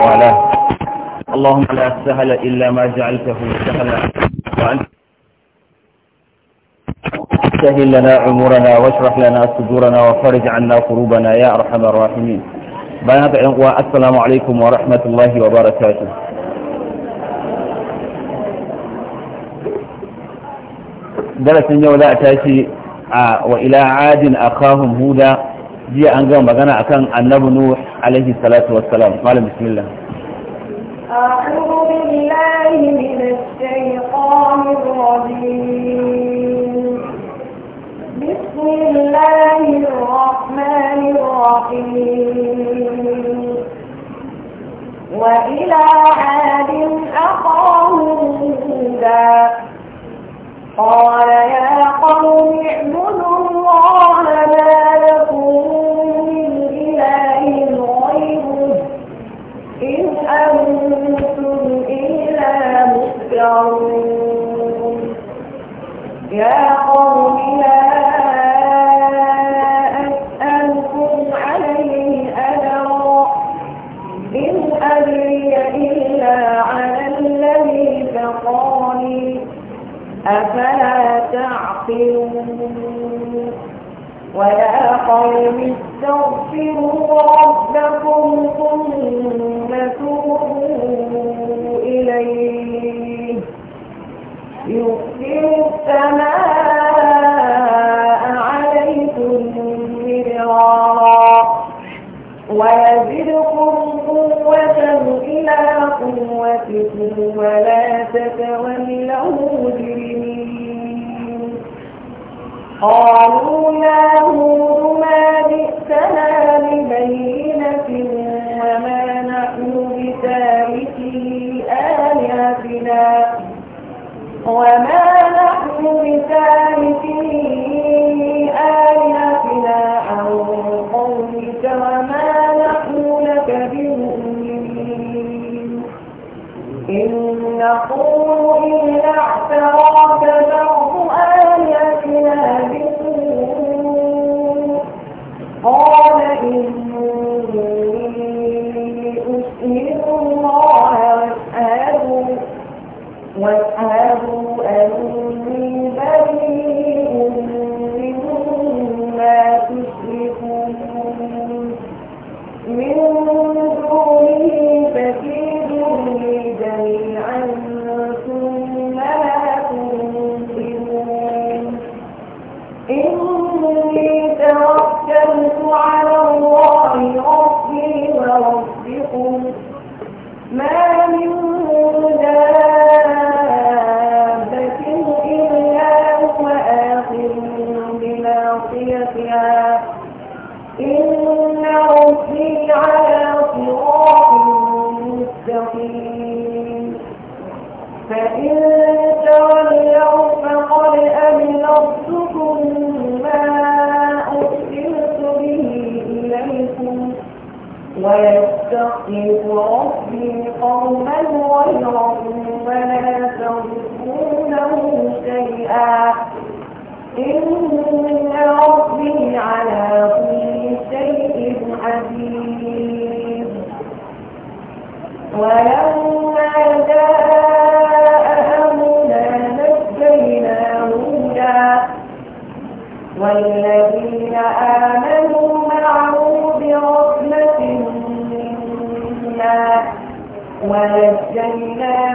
وله اللهم لا سهل إلا ما جعلته سهلا وأنت سهل لنا عمرنا واشرح لنا صدورنا وفرج عنا قروبنا يا أرحم الراحمين بنات الأخوة السلام عليكم ورحمة الله وبركاته درس اليوم لا تأتي آه، وإلى عاد أخاهم هودا jiya an gama عن akan نوح عليه الصلاة والسلام قال بسم الله أعوذ بالله من الشيطان الرجيم بسم الله الرحمن الرحيم وإلى عاد أخاهم هودا قال يا قوم اعبدوا الله ما يا قوم لا أسألكم عليه أجرا إن أجري إلا على الذي فقاني أفلا تعقلون ويا قوم استغفروا ربكم ثم توبوا إليه يرسل السماء عليكم مدرارا ويزدكم قوة إلى قوتكم ولا تتولوا مجرمين قالوا يا هود ما جئتنا ببينة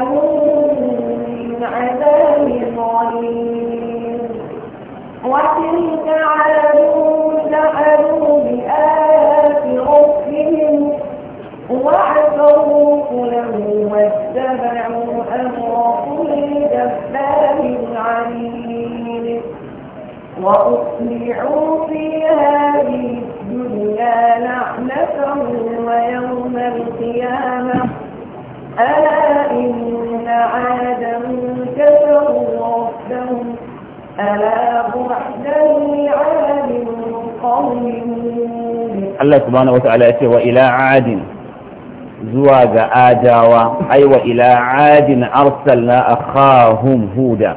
لهم من عذاب وتلك بآيات ربهم واتبعوا أمر كل في هذه الدنيا لعنة ويوم القيامة ألا Allah subhanahu wata'ala ya ce wa ila adin zuwa ga adawa ai wa ila adin arsalna akhahum huda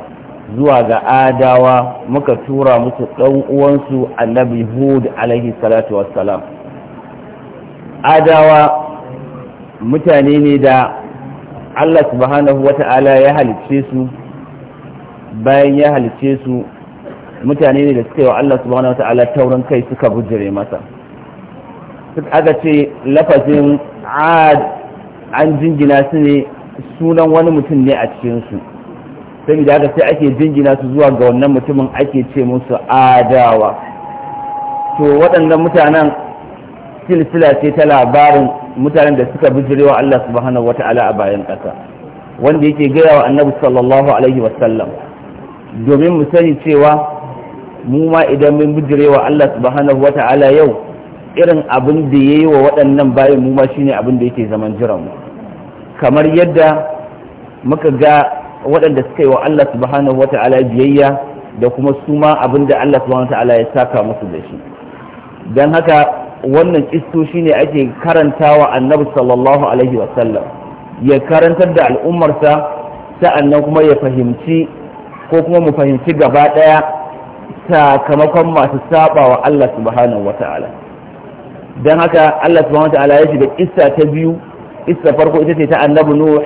zuwa ga adawa muka tura musu ɗan uwansu annabi hud alaihi salatu wassalam adawa mutane ne da Allah subhanahu wata'ala ya halicce su bayan ya halice su mutane ne da suka yi wa Allah subhanahu wa ta'ala taurin kai suka bujire masa duk aka ce lafazin ad an jingina su ne sunan wani mutum ne a cikinsu sai haka sai ake jingina su zuwa ga wannan mutumin ake ce musu adawa to waɗannan mutanen silsila ce ta labarin mutanen da suka bijirewa Allah subhanahu ta'ala a bayan ƙasa wanda yake gaya wa annabi sallallahu alaihi wasallam domin mu sani cewa mu ma idan mun bijirewa Allah subhanahu ta'ala yau irin abin da ya yi wa waɗannan bayan mu ma shine abin da yake zaman jiran mu kamar yadda muka ga waɗanda suka yi wa Allah subhanahu ta'ala biyayya da kuma su ma abin da Allah subhanahu ta'ala ya saka musu da shi don haka wannan kisto shine ake karantawa annabi sallallahu alaihi sallam ya karantar da al'ummarsa sa'annan kuma ya fahimci ko kuma mu fahimci gaba ɗaya sakamakon masu saba wa Allah subhanahu wata'ala don haka Allah subhanahu wata'ala ya shiga kissa ta biyu isa farko ita ce ta annabi Nuh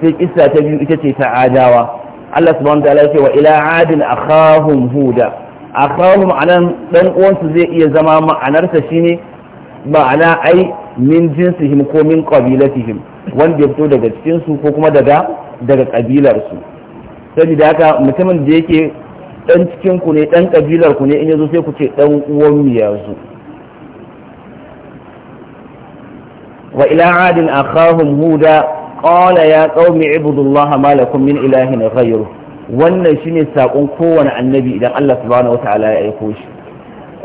sai kissa ta biyu ita ce ta adawa Allah subhanahu wata'ala ya ce wa ila adin akhahum huda akhahum anan dan uwansu zai iya zama ma'anarsa shine ma'ana ai min jinsihim ko min qabilatihim wanda ya fito daga cikin su ko kuma daga daga kabilar su da haka mutumin da yake dan cikin ku ne dan kabilar ku ne in yazo sai ku ce dan uwan mu yazo wa ila adin akhahum huda qala ya qaumi ibudullaha ma lakum min ilahin ghayru wannan shine sakon kowane annabi idan Allah subhanahu wataala ya aiko shi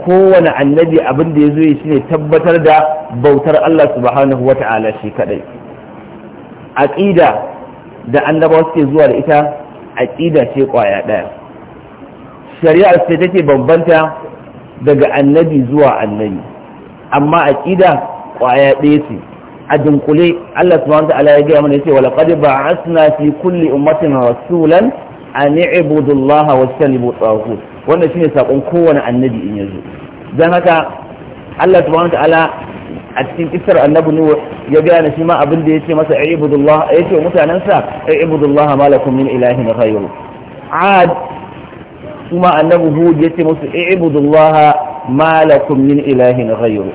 kowane annabi abin da ya zo shi ne tabbatar da bautar Allah subhanahu wataala shi kadai aqida da annabawa suke zuwa da ita aƙida ce ƙwaya ɗaya shari'ar ce take bambanta daga annabi zuwa annabi amma aƙida ƙwaya ɗaya ce a dunkule Allah subhanahu wa ta'ala ya gaya mana yace wala qad ba'athna fi kulli ummatin rasulan an i'budu Allah wa tanibu taghut wannan shine sakon kowane annabi in yazo dan haka Allah subhanahu wa ta'ala a cikin kisar annabi nuhu ya gane shi ma abin da yace masa ibudullah yace wa mutanansa ibudullah ma lakum min ilahin ghayru ad kuma annabi hud yace musu ibudullah ma lakum min ilahin ghayru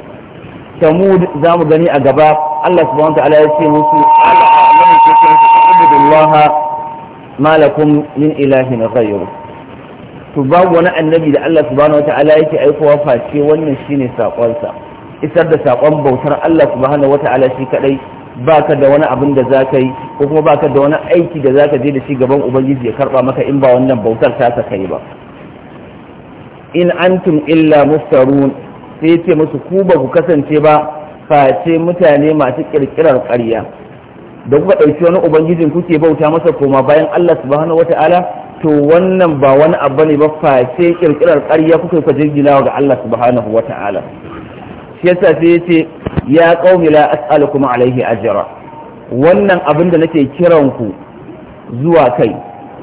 tamud zamu gani a gaba Allah subhanahu wa ta'ala yace musu al'alamu ibudullah ma lakum min ilahin ghayru to babu wani annabi da Allah subhanahu wa ta'ala yake aikowa face wannan shine sakonsa isar da saƙon bautar Allah subhanahu wata'ala shi kadai baka da wani abin da zaka yi ko kuma baka da wani aiki da zaka je da shi gaban ubangiji ya karba maka in ba wannan bautar ta ka kai ba in antum illa muftarun sai ce musu ku ba ku kasance ba face mutane masu kirkirar ƙarya da kuka ɗauki wani ubangijin kuke bauta masa koma bayan Allah subhanahu wata'ala to wannan ba wani abu ne ba face kirkirar ƙarya kuka yi ka ga Allah subhanahu wata'ala yasa sai ya ce ya qaumi la kuma alaihi ajra wannan abin da nake kiran ku zuwa kai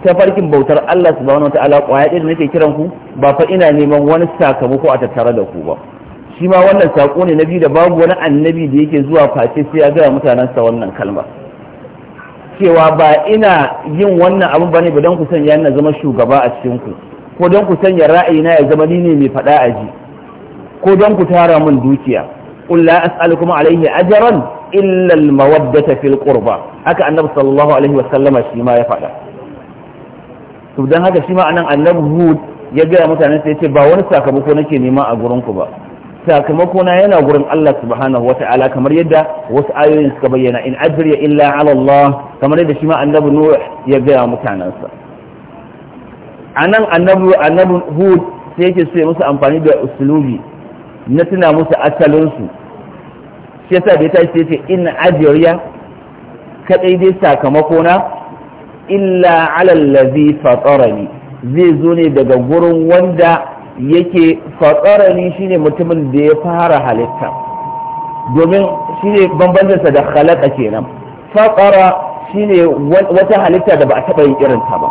ta farkin bautar Allah subhanahu wataala kwaya ɗaya da nake kiran ku ba fa ina neman wani sakamako a tattare da ku ba shi ma wannan sako ne nabi da babu wani annabi da yake zuwa face sai ya gaya mutanensa wannan kalma cewa ba ina yin wannan abin bane ba don ku sanya na zama shugaba a cikin ku ko don ku sanya ra'ayina ya zama ni ne mai faɗa a ji ko don ku tara min dukiya qul la as'alukum alayhi ajran illa al-mawaddata fil qurba haka annabi sallallahu alaihi wa sallama shi ma ya faɗa to dan haka shi a anan annabi hud ya ga mutane sai ce ba wani sakamako nake nema a gurin ba sakamako na yana gurin Allah subhanahu wa ta'ala kamar yadda wasu ayoyin suka bayyana in ajriya illa ala kamar yadda ya hud sai yake so ya musu amfani da uslubi na tuna musu asalinsu shi yasa bai tashi sai ce in ajiyarya kadai dai sakamako na illa alallazi fatarani zai zo ne daga gurin wanda yake fatarani shine mutumin da ya fara halitta domin shine bambancinsa da khalaqa kenan fatara shine wata halitta da ba a taɓa yin irinta ba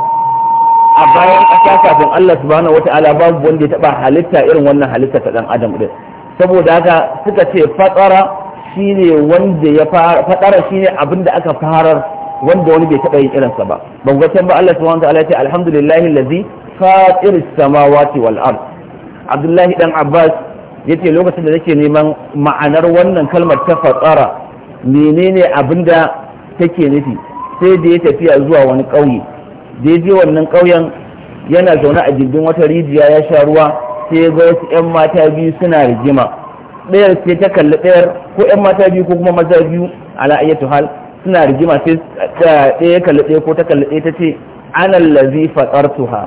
a bayan ƙasa kafin Allah subhanahu wata'ala babu wanda ya taba halitta irin wannan halitta ta dan adam din saboda haka suka ce fatsara shine wanda ya fara fatsara shine abin da aka farar wanda wani bai taɓa yin irinsa ba ban ga can ba Allah subhanahu wa ta'ala ce alhamdulillah allazi fatir samawati wal ard Abdullahi dan Abbas yace lokacin da nake neman ma'anar wannan kalmar ta fatsara menene abinda take nufi sai da ya tafiya zuwa wani ƙauye da ya je wannan ƙauyen yana zaune a jirgin wata rijiya ya sha ruwa sai ga wasu 'yan mata biyu suna rigima ɗayar sai ta kalli ɗayar ko 'yan mata biyu ko kuma maza biyu ala ayyatu hal suna rigima sai ɗaya kalli ɗaya ko ta kalli ɗaya ta ce anan lazi fatartuha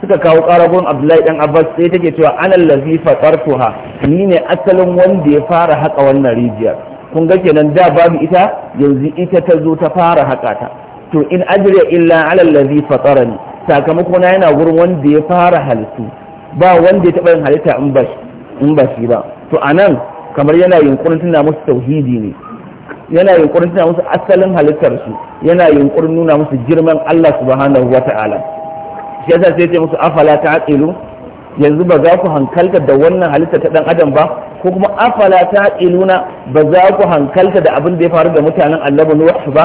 suka kawo ƙaragon abdullahi ɗan abbas sai take cewa anan lazi fatartuha ni ne asalin wanda ya fara haƙa wannan rijiyar kun ga kenan da babu ita yanzu ita ta zo ta fara haƙa ta to in ajriya illa ala ladhi fatarani sakamako na yana gurin wanda ya fara halittu ba wanda ya taɓa yin halitta in ba shi ba to a nan kamar yana yunkurin tuna musu tauhidi ne yana yunkurin tuna musu asalin halittar su yana yunkurin nuna musu girman Allah subhanahu wa ta'ala shi yasa sai ce musu afala ta aqilu yanzu ba za ku hankalta da wannan halitta ta dan adam ba ko kuma afala ta aqiluna ba za ku hankalta da abin da ya faru da mutanen allah annabi Nuh ba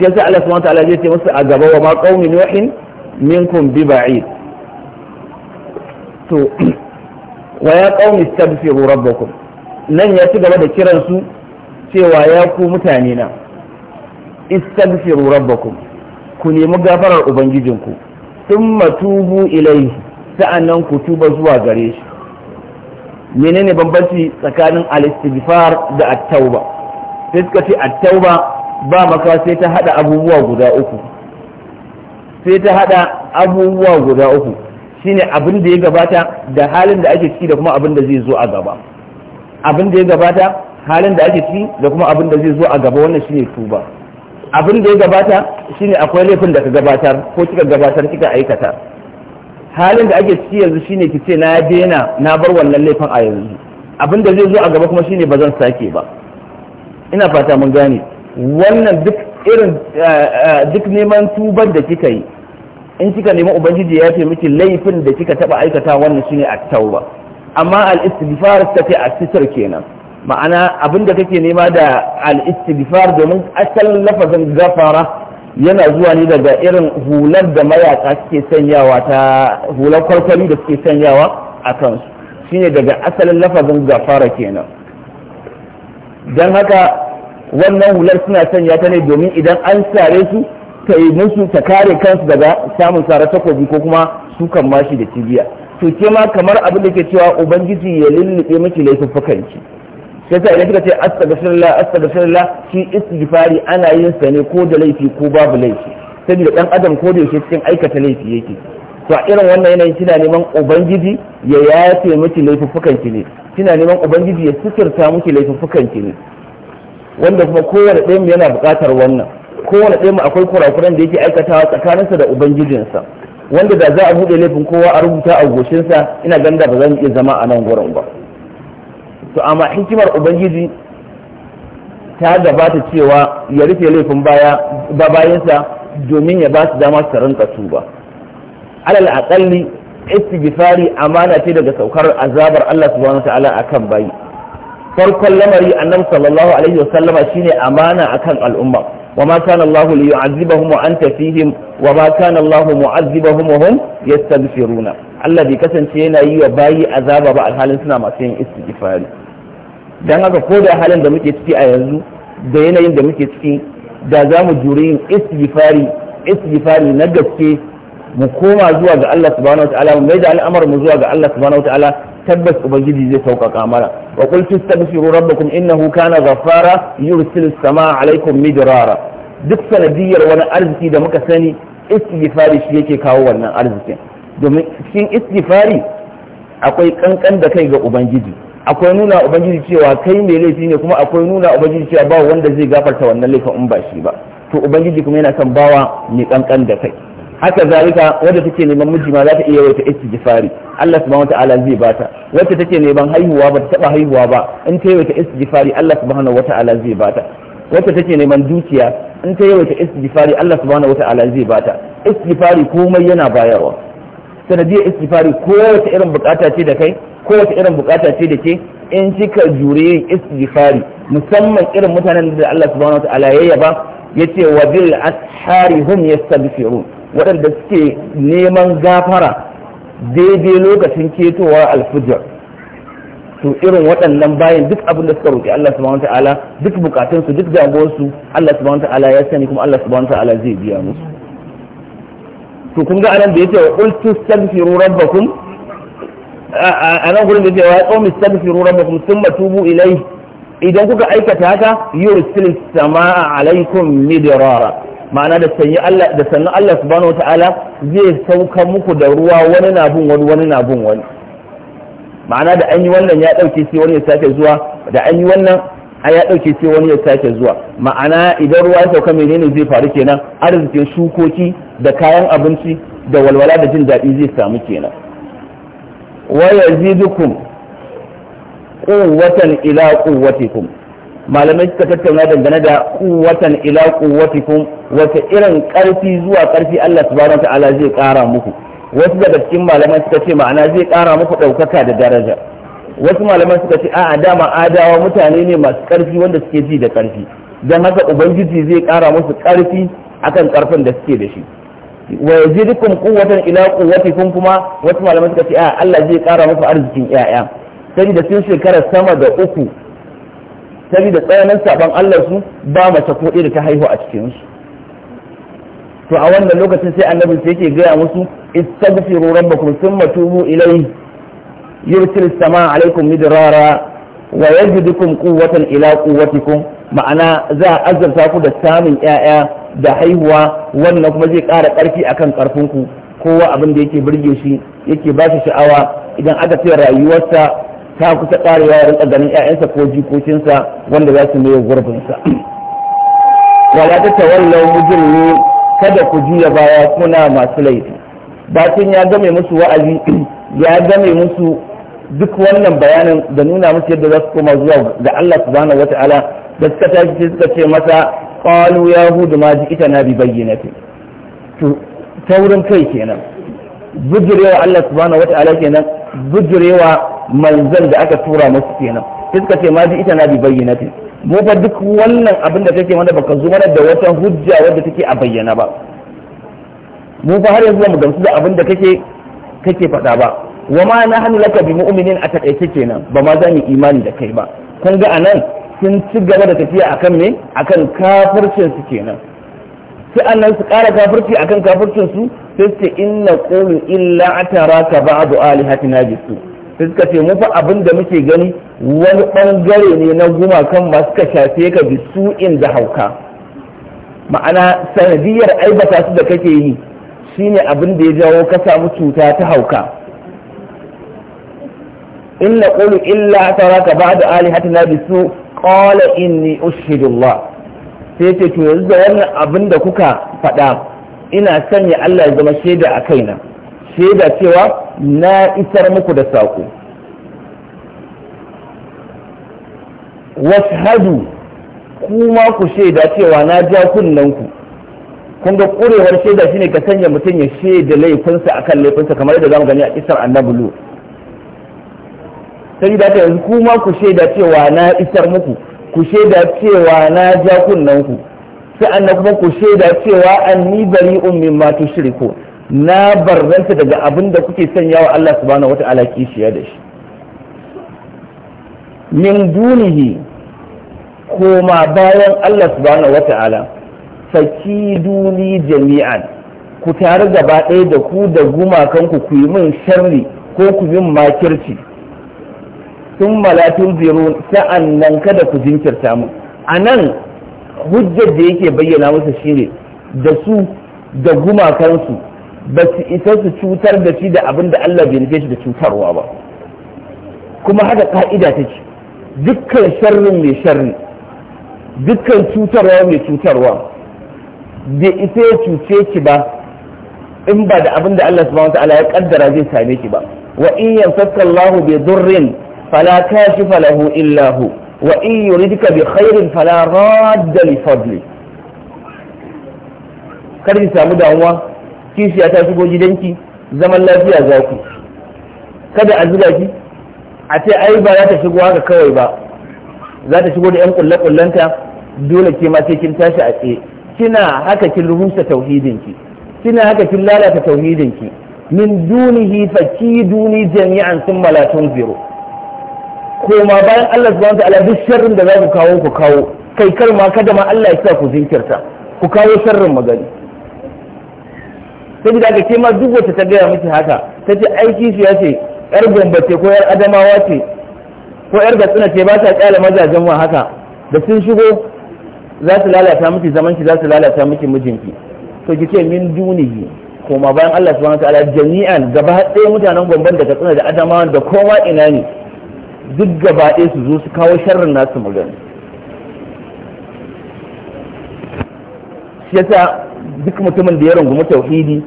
shi yasa Allah subhanahu wa ta'ala zai ce musu a gaba wa ma qaumi nuhin minkum bi ba'id to wa ya qaumi istaghfiru rabbakum nan ya ci gaba da kiran su cewa ya ku mutane na istaghfiru rabbakum ku nemi gafarar ubangijinku thumma tubu ilayhi sa'annan ku tuba zuwa gare shi menene bambanci tsakanin al-istighfar da at-tauba sai suka ce at-tauba ba maka sai ta hada abubuwa guda uku sai ta hada abubuwa guda uku shine abin da ya gabata da halin da ake ciki da kuma abin da zai zo a gaba abin da ya gabata halin da ake ciki da kuma abin da zai zo a gaba wannan shine tuba abin da ya gabata shine akwai laifin da ka gabatar ko kika gabatar kika aikata halin da ake ciki yanzu shine ki ce na daina na bar wannan laifin a yanzu abin da zai zo a gaba kuma shine ba zan sake ba ina fata mun gane wannan duk irin eh, eh, duk neman tubar da kika yi in kika nemi ubangiji ya ce miki laifin da kika taba aikata wannan shine at-tauba amma al-istighfar tafi as-sitr kenan ma'ana abinda kake nema da al-istighfar domin asalin lafazin gafara yana zuwa ne daga irin hular da mayaka suke sanyawa ta hular kwarkwari da suke sanyawa a kansu shine daga asalin lafazin gafara kenan don haka wannan hular suna sanya ta ne domin idan an sare su ta yi musu ta kare kansu daga samun sara takobi ko kuma sukan mashi da cibiya to ke ma kamar abin da ke cewa ubangiji ya lullube miki laifuffukanki sai sai idan kika ce astaghfirullah astaghfirullah shi istighfari ana yin sa ne ko da laifi ko babu laifi saboda dan adam ko da yake cikin aikata laifi yake to a irin wannan yanayin kina neman ubangiji ya yafe miki laifuffukanki ne kina neman ubangiji ya suturta miki laifuffukanki ne wanda kuma kowane mu yana buƙatar wannan kowane ɗaya mu akwai kurakuran da yake aikatawa tsakaninsa da ubangijinsa wanda da za a buɗe laifin kowa a rubuta a goshinsa ina ganin da ba zan iya zama a nan gurin ba to amma hikimar ubangiji ta gabata cewa ya rufe laifin baya ba bayansa domin ya ba su dama su rinka tuba alal aqalli istighfari amana ce daga saukar azabar Allah subhanahu wa ta'ala akan bayi farkon lamari annabi sallallahu alaihi wasallama shine amana akan al'umma wa ma kana Allahu li yu'azzibahum wa anta fihim wa ma kana Allahu mu'azzibahum wa hum yastaghfiruna Allah bai kasance yana yi wa bayi azaba ba alhalin suna masu yin istighfari dan haka ko da halin da muke ciki a yanzu da yanayin da muke ciki da za mu jure yin istighfari istighfari na gaske mu koma zuwa ga Allah subhanahu wa ta'ala mu mai da al'amar mu zuwa ga Allah subhanahu wa ta'ala tabbas ubangiji zai sauƙaƙa mana wa qul tastaghfiru rabbakum innahu kana ghaffara yursilu samaa alaikum midrara duk sanadiyar wani arziki da muka sani istighfari shi yake kawo wannan arzikin domin cikin istighfari akwai kankan da kai ga ubangiji akwai nuna ubangiji cewa kai mai laifi ne kuma akwai nuna ubangiji cewa ba wanda zai gafarta wannan laifin in ba shi ba to ubangiji kuma yana son bawa mai kankan da kai haka zalika wadda take neman miji ma za ta iya wata istighfari Allah subhanahu wataala zai bata wacce take neman haihuwa ba ta taba haihuwa ba in ta yi wata istighfari Allah subhanahu wataala zai bata wacce take neman dukiya in ta yi wata istighfari Allah subhanahu wataala zai bata istighfari komai yana bayarwa sanadiyar ko kowace irin bukata ce da kai ko kowace irin bukata ce da ke in kika jure yin istighfari musamman irin mutanen da Allah subhanahu wataala ya yaba yace wa bil ashari hum yastaghfirun waɗanda suke neman gafara daidai lokacin ketowar alfujar to irin waɗannan bayan duk abin da suka roƙi Allah subhanahu ta'ala duk bukatun su duk damuwar su Allah subhanahu ta'ala ya sani kuma Allah subhanahu ta'ala zai biya musu to kun ga anan da yake wa qul tastaghfiru rabbakum anan gurin da yake wa qul tastaghfiru rabbakum thumma tubu ilayhi idan kuka aikata haka yursil samaa alaikum midrara ma'ana da sanyi Allah da sannan Allah subhanahu wata'ala zai sauka muku da ruwa wani na bin wani wani na bin wani ma'ana da an yi wannan ya dauke sai wani ya sake zuwa da an yi wannan a ya dauke sai wani ya sake zuwa ma'ana idan ruwa ya sauka menene zai faru kenan arzikin shukoki da kayan abinci da walwala da jin daɗi zai samu kenan wa yazidukum quwwatan ila quwwatikum malamai suka tattauna dangane da kuwatan ila kuwatikum wata irin karfi zuwa karfi Allah subhanahu ta'ala zai kara muku wasu daga cikin malamai suka ce ma'ana zai kara muku daukaka da daraja wasu malamai suka ce a'a dama adawa mutane ne masu karfi wanda suke ji da karfi dan haka ubangiji zai kara musu karfi akan karfin da suke da shi wa yazidukum quwwatan ila quwwatikum kuma wasu malamai suka ce a'a Allah zai kara muku arzikin yaya sai da sun shekara sama da uku saboda tsananin saban Allah su ba mace ko irin da ta haihu a cikin su to a wannan lokacin sai annabi sai yake gaya musu istaghfiru rabbakum thumma tubu ilayhi yursil samaa alaikum midrara wa yajidukum quwwatan ila quwwatikum ma'ana za a azurta ku da samun 'ya'ya da haihuwa wannan kuma zai ƙara ƙarfi akan ƙarfinku kowa abin da yake burge shi yake ba shi sha'awa idan aka ce rayuwarsa ta kusa karewa ya rinka ganin ƴaƴansa ko jikokinsa wanda za su maye gurbinsa wala ta tawallau ne kada ku juya baya kuna masu laifi bacin ya game musu wa'azi ya game musu duk wannan bayanin da nuna musu yadda za su koma zuwa ga Allah subhanahu wata'ala da suka tashi suka ce masa qalu ya hudu ma ji ita na bi bayyinati to taurin kai kenan bujurewa Allah subhanahu wata'ala kenan bujurewa manzan da aka tura masu kenan sai suka ce ma ji ita na bi bayyinatin mu fa duk wannan abin da kake mana baka zo mana da wata hujja wadda take a bayyana ba mu fa har yanzu mu gamsu da abin da kake kake faɗa ba wa ma hannu laka bi mu'minin a takaice kenan ba ma za mu imani da kai ba kun ga anan sun ci gaba da tafiya akan me akan kafircin su kenan sai annan su ƙara kafirci akan kafircin su sai su ce inna qulu illa ataraka ba'du alihatina bisu sai suka ce mu fa abin da muke gani wani bangare ne na gumakan ba suka shafe ka bi su'in da hauka ma'ana sanadiyar aibata su da kake yi shine abin da ya jawo ka samu cuta ta hauka in na ƙulu illa taraka ba da alihatina bisu qala inni ushhidullah sai ce to yanzu da wannan abin da kuka faɗa ina sanya Allah ya zama shaida a kaina shaida cewa na isar muku da saƙo washhadu kuma ku shaida cewa na ja kunnanku kun ga ƙurewar shaida shine ka sanya mutum ya shaida laifinsa akan laifinsa kamar yadda zamu gani a isar annabi lu sai da ta yanzu kuma ku shaida cewa na isar muku ku shaida cewa na ja kunnanku sa'annan kuma ku shaida cewa anni bari'un mimma tushriku na barranta daga abin da kuke sanya wa Allah subhanahu wata'ala kishiya da shi min dunihi koma bayan Allah subhanahu wata'ala faki duni jami'an ku tare gaba ɗaya da ku da gumakanku ku yi min sharri ko ku min makirci sun malatun zirun sa'an nan kada ku jinkirta mu a nan hujjar da yake bayyana musu shine da su da gumakansu ba su isa su cutar da shi da abin da Allah bai nufe shi da cutarwa ba kuma haka ka'ida ta ce dukkan sharrin mai sharri dukkan cutarwa mai cutarwa bai isa ya cuce ki ba in ba da abin da Allah subhanahu wataala ya kaddara zai same ki ba wa in yamsaka Allah bi durrin fala kashifa lahu illa hu wa in yuridka bi khairin fala radda li fadli kar ki samu damuwa kishiya ta shigo gidanki zaman lafiya za ku kada a zuba ki a ce ai ba za ta shigo haka kawai ba za ta shigo da yan kulle kullanta dole ke ma sai kin tashi a tsaye kina haka kin tauhidin ki kina haka kin lalata tauhidinki min dunihi duni jami'an sun malatun zero koma bayan Allah subhanahu wa ta'ala duk sharrin da za ku kawo ku kawo kai kar ma kada ma Allah ya sa ku zinkirta ku kawo sharrin magani sai da ke ma duk wata ta gaya miki haka ta ce aiki su ya ce yar ce ko yar adamawa ce ko yar gatsuna ce ba ta kyale mazajen wa haka da sun shigo za su lalata miki zaman ki za su lalata miki mijinki to ki ce min dunihi koma bayan Allah subhanahu wa ta'ala jami'an gaba ɗaya mutanen gomban da katsina da adamawa da kowa ina ne duk gaba ɗaya su zo su kawo sharrin nasu magana shi yasa duk mutumin da ya rungumi tauhidi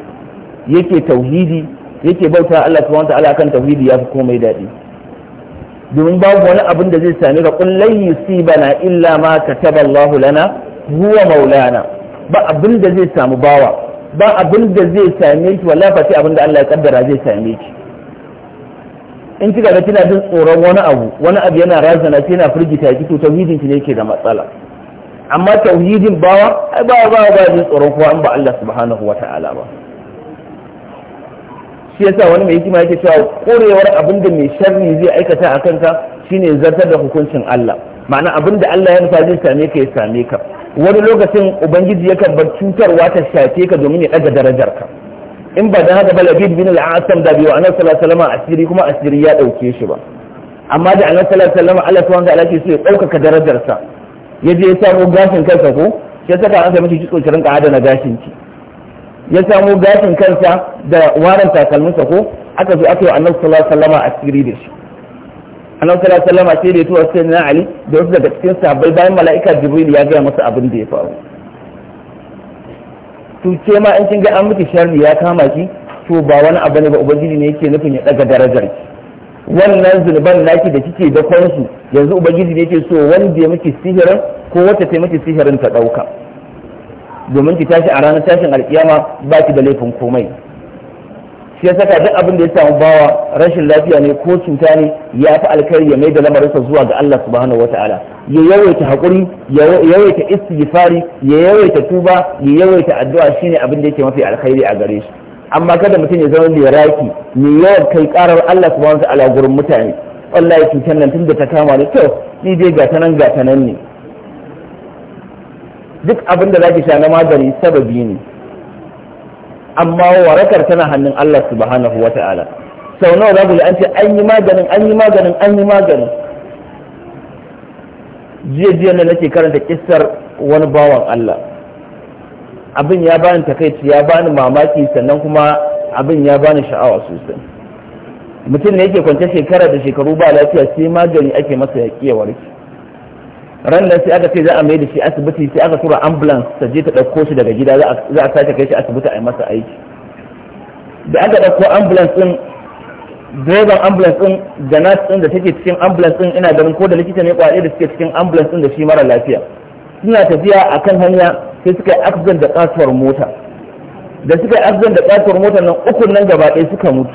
yake tauhidi yake bauta Allah subhanahu wataala akan tauhidi ya fi komai daɗi domin babu wani abin da zai sami ga kullai bana illa ma kataba Allah lana huwa maulana ba abin da zai samu bawa ba abin da zai same shi wallahi fa sai abin da Allah ya kaddara zai same shi in kika ga kina jin tsoron wani abu wani abu yana razana sai yana firgita ki to tauhidin ki ne yake da matsala amma tauhidin bawa ai ba bawa ba jin tsoron kowa in ba Allah subhanahu wa ta'ala ba shi yasa wani mai hikima yake cewa korewar abin da mai sharri zai aikata a kanka shine zartar da hukuncin Allah ma'ana abin da Allah ya nufa zai same ka ya same ka wani lokacin ubangiji ya bar cutarwa ta shafe ka domin ya daga darajar ka in ba da haka ba labid bin al-asam da biyu annabi sallallahu alaihi wasallam asiri kuma asiri ya dauke shi ba amma da annabi sallallahu alaihi wasallam Allah subhanahu wa allah ke so ya daukaka darajar sa ya je ya samo gashin kansa ko ya saka an sai miki kitso ki rinka adana gashin ki ya samo gashin kansa da waran takalminsa ko aka zo aka yi annabi sallallahu alaihi wasallam asiri da shi annabi sallallahu alaihi wasallam sai da tuwa sai na ali da wasu daga cikin sahabbai bayan mala'ika jibril ya ga masa abin da ya faru to ce ma in kin ga an miki sharri ya kama ki to ba wani abu ne ba ubangiji ne yake nufin ya daga darajar ki wannan zunuban naki da kike da kwansu yanzu ubangiji ne yake so wanda ya miki sihirin ko wata ta miki sihirin ta dauka domin ki tashi a ranar tashin alkiyama ba ki da laifin komai shi ya saka duk abin da ya samu bawa rashin lafiya ne ko cuta ne ya fi alkhairi ya mai da lamarinsa zuwa ga Allah subhanahu wataala ya yawaita hakuri ya yawaita istighfari ya yawaita tuba ya yawaita addu'a shine abin da yake mafi alkhairi a gare shi amma kada mutum ya zama mai raki mai yawan kai karar Allah subhanahu wa ta'ala gurin mutane wallahi cutar nan tun da ta kama ni to ni dai gata nan gata nan ne duk abin da zaki sha na magani sababi ne amma warakar tana hannun Allah subhanahu wa ta'ala sau nawa za ku an ce an yi maganin an yi maganin an yi maganin jiya jiya ne nake karanta kissar wani bawan Allah abin ya bani takaici ya bani mamaki sannan kuma abin ya bani sha'awa sosai mutum ne yake kwance shekara da shekaru ba lafiya sai magani ake masa ya kiya ran nan sai aka ce za a mai da shi asibiti sai aka tura ambulance ta je ta ɗauko shi daga gida za a sake kai shi asibiti a yi masa aiki da aka ɗauko ambulance ɗin direban ambulance ɗin da nurse ɗin da take cikin ambulance ɗin ina ganin ko da likita ne kwaɗe da suke cikin ambulance ɗin da shi mara lafiya suna tafiya akan hanya sai suka yi accident da kasuwar mota da suka yi accident da kasuwar mota nan ukun nan gaba ɗaya suka mutu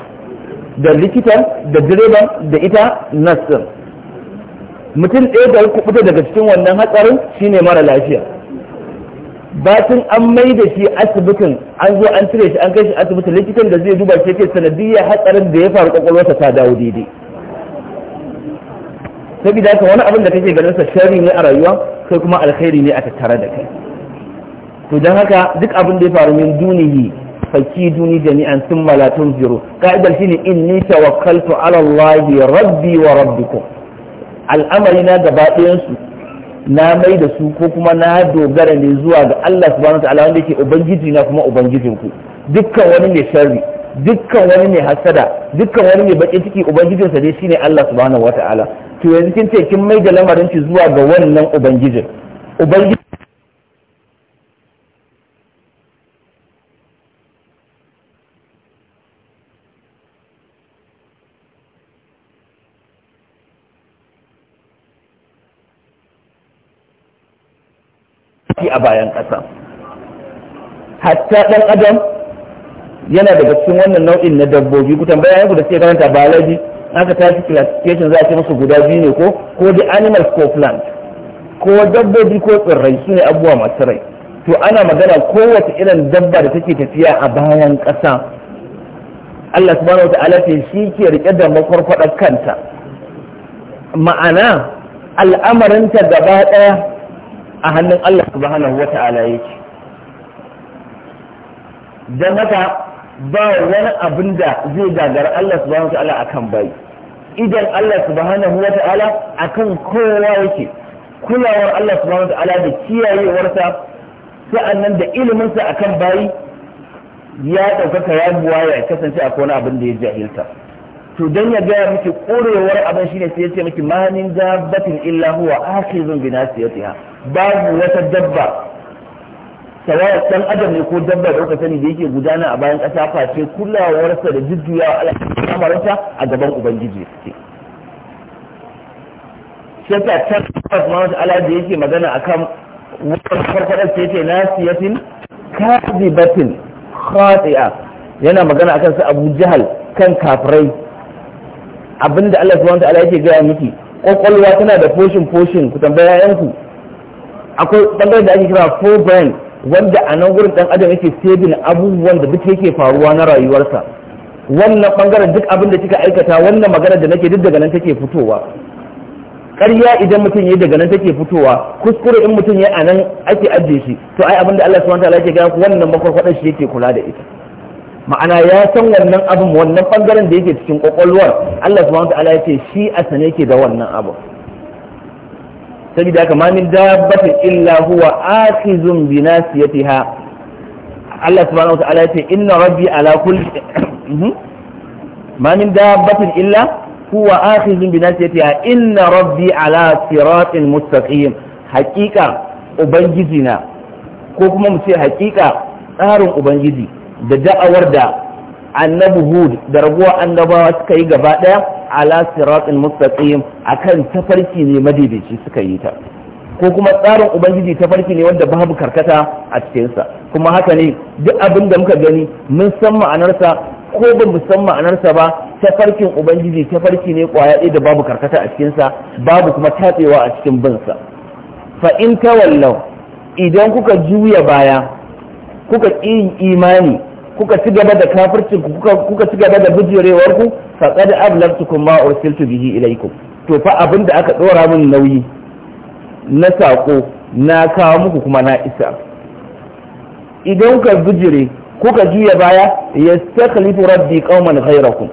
da likitan da direban da ita nasir mutum ɗaya da ku fita daga cikin wannan hatsarin shine mara lafiya batun an mai da shi asibitin an zo an cire shi an kai shi asibitin likitan da zai duba shi ke sanadiyyar hatsarin da ya faru kwakwalwarsa ta dawo daidai saboda haka wani abin da kake ganin sa sharri ne a rayuwa kai kuma alkhairi ne a tattare da kai to don haka duk abin da ya faru min dunihi faki duni jami'an sun malatun zero ka'idar in nisa wa kalfa alallahi rabbi wa ko, al'amari na gaba ɗayansu na mai da su ko kuma na dogara ne zuwa ga Allah subhanahu ta'ala wanda yake ubangiji na kuma ubangijinku dukkan wani mai sharri dukkan wani mai hasada dukkan wani mai bakin ciki ubangijinsa dai shine Allah subhanahu ta'ala to yanzu kin ce kin mai da lamarin ki zuwa ga wannan ubangijin ubangiji ƙarfi a bayan ƙasa hatta ɗan adam yana daga cikin wannan nau'in na dabbobi ku tambaya yanku da suke karanta biology aka tashi classification za a ce musu guda biyu ne ko ko the animals ko plant ko dabbobi ko tsirrai su ne abubuwa masu rai to ana magana kowace irin dabba da take tafiya a bayan ƙasa Allah subhanahu wa ta'ala ce shi ke rike da makwarkwadar kanta ma'ana al'amarinta gaba ɗaya a hannun Allah subhanahu wata'ala yake don haka ba wani abin da zai gagara Allah subhanahu wata'ala akan bai idan Allah subhanahu wata'ala akan kowa yake kulawar Allah subhanahu wata'ala da kiyayewarsa nan da iliminsa akan bayi ya ɗaukaka ya buwa ya kasance a wani abin da ya jahilta to don ya gaya miki korewar abin shine sai ya ce miki manin zabatin dabbatin illa huwa akhizun bi nasiyatiha babu wata dabba sawa'ar dan adam ne ko dabba da kuka sani da yake gudana a bayan ƙasa face kulawarsa da jujjuyawa al'amarsa a gaban ubangiji sai ta tabbas ma wata ala da yake magana a akan wannan farfadar ce ce nasiyatin kadibatin khati'a yana magana akan su Abu Jahal kan kafirai abinda Allah subhanahu wa ta'ala yake gaya miki kwakwalwa tana da foshin foshin ku tambaya yanku akwai bangaren da ake kira brand wanda a nan gurin dan adam yake sabin abubuwan da duk yake faruwa na rayuwarsa wannan bangaren duk abin da kika aikata wannan magana da nake duk daga nan take fitowa ƙarya idan mutum ya daga nan take fitowa kuskure in mutum ya nan ake ajiye shi to ai abin da Allah subhanahu wataala yake gaya ku wannan makwarkwadar shi yake kula da ita ma'ana ya san wannan abin wannan bangaren da yake cikin kwakwalwar Allah subhanahu wataala yake shi a sane yake da wannan abu saboda haka ma min dabbatin illa huwa akhizun bi nasiyatiha Allah subhanahu wa ta'ala yace inna rabbi ala kulli mhm. ma min dabbatin illa huwa akhizun bi nasiyatiha inna rabbi ala siratin mustaqim haqiqa ubangiji na ko kuma mu ce haqiqa tsarin ubangiji da da'awar da annabi hud da raguwa annabawa suka yi gaba daya ala siratin mustaqim akan tafarki ne madaidaici suka yi ta ko kuma tsarin ubangiji tafarki ne wanda babu karkata a cikinsa kuma haka ne duk abin da muka gani mun san ma'anarsa ko ba mu san ma'anarsa ba tafarkin ubangiji tafarki ne kwaya ɗaya da babu karkata a cikinsa babu kuma tatsewa a cikin binsa fa in tawallau idan kuka juya baya kuka ƙi imani kuka ci gaba da kafircin kuka ci gaba da bujurewar ku faqad ablagtukum ma ursiltu bihi ilaykum to fa abin da aka dora min nauyi na sako na kawo muku kuma na isa idan ka bujure kuka juya baya yastakhlifu rabbi qauman ghayrakum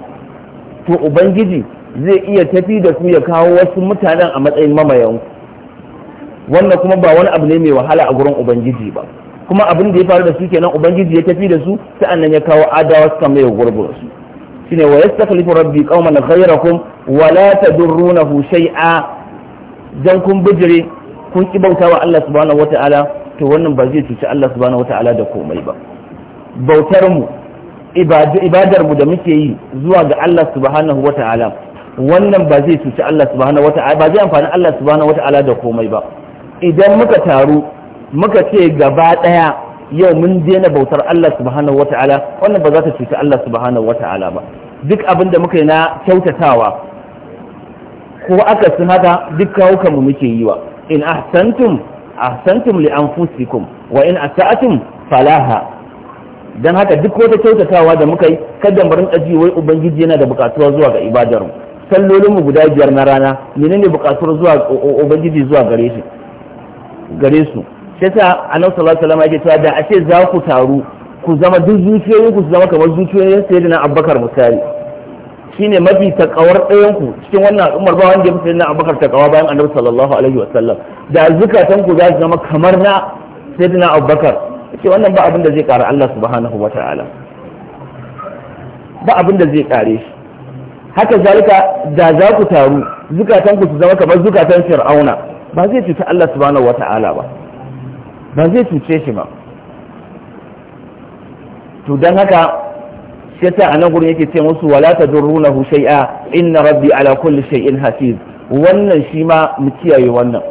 to ubangiji zai iya tafi da ku ya kawo wasu mutanen a matsayin mamayanku wannan kuma ba wani abu ne mai wahala a gurin ubangiji ba kuma abin da ya faru da su kenan ubangiji ya tafi da su sa'annan ya kawo adawa suka mai gurgura su shine wa yastakhlifu rabbi qauman ghayrakum wa la tadurrunahu shay'a dan kun bijire kun ki bautawa Allah subhanahu wataala to wannan ba zai cuci Allah subhanahu wataala da komai ba bautar mu ibadar mu da muke yi zuwa ga Allah subhanahu wataala wannan ba zai cuci Allah subhanahu wataala ba zai amfani Allah subhanahu wataala da komai ba idan muka taru muka ce gaba ɗaya yau mun daina bautar Allah subhanahu wata'ala wannan ba za ta cuta Allah subhanahu wata'ala ba duk abin da muka yi na kyautatawa ko aka sun haka duk kawukan mu muke yi wa in ahsantum ahsantum li anfusikum wa in asa'atum falaha dan haka duk wata kyautatawa da muka yi kada mu rinka ji wai ubangiji yana da bukatuwa zuwa ga ibadar mu sallolin mu guda biyar na rana menene bukatuwar zuwa ubangiji zuwa gare shi gare su shi yasa annabi sallallahu alaihi wasallam yake cewa da ashe za ku taru ku zama duk zuciyoyin ku su zama kamar zuciyoyin sayyidina abubakar misali shine mafi takawar ɗayan ku cikin wannan al'ummar ba wanda ya fi sayyidina abubakar takawa bayan annabi sallallahu alaihi wasallam da zukatan ku za su zama kamar na sayyidina abubakar ce wannan ba abin da zai kare Allah subhanahu wa ta'ala ba abin da zai kare shi haka zalika da za ku taru zukatan ku su zama kamar zukatan fir'auna ba zai cuta Allah subhanahu wa ta'ala ba ba zai cuce shi ba to don haka shi ta anan gurin yake ce musu wala ta durrunahu shay'a inna rabbi ala kulli shay'in hafiz wannan shi ma mu kiyaye wannan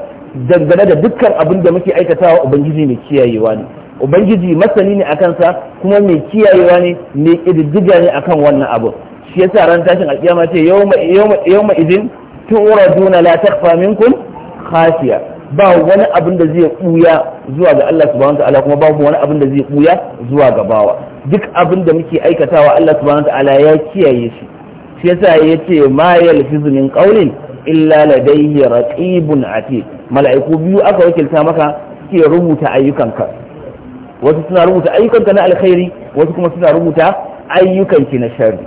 dangane da dukkan abin da muke aikatawa ubangiji mai kiyayewa ne ubangiji masani ne akan sa kuma mai kiyayewa ne mai kididdiga ne akan wannan abu shi yasa ran tashin alkiyama ce yawma yawma yawma idin turaduna la takhfa minkum khafiya ba wani abin da zai buya zuwa ga Allah subhanahu ta'ala kuma babu wani abin da zai buya zuwa ga bawa duk abin da muke aikatawa Allah subhanahu ta'ala ya kiyaye shi shi yasa yace ma yalfizu min qawlin illa ladayhi raqibun atid mala'iku biyu aka wakilta maka suke rubuta ayyukanka wasu suna rubuta ayyukanka na alkhairi wasu kuma suna rubuta ayyukanki na sharri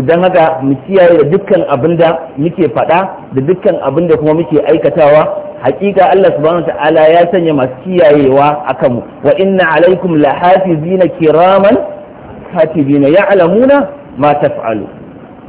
to don haka mu kiyaye da dukkan abin da muke faɗa da dukkan abin da kuma muke aikatawa hakika Allah subhanahu ta'ala ya sanya masu kiyayewa a kanmu wa inna alaikum la hafizina kiraman katibina ya'lamuna ma taf'alu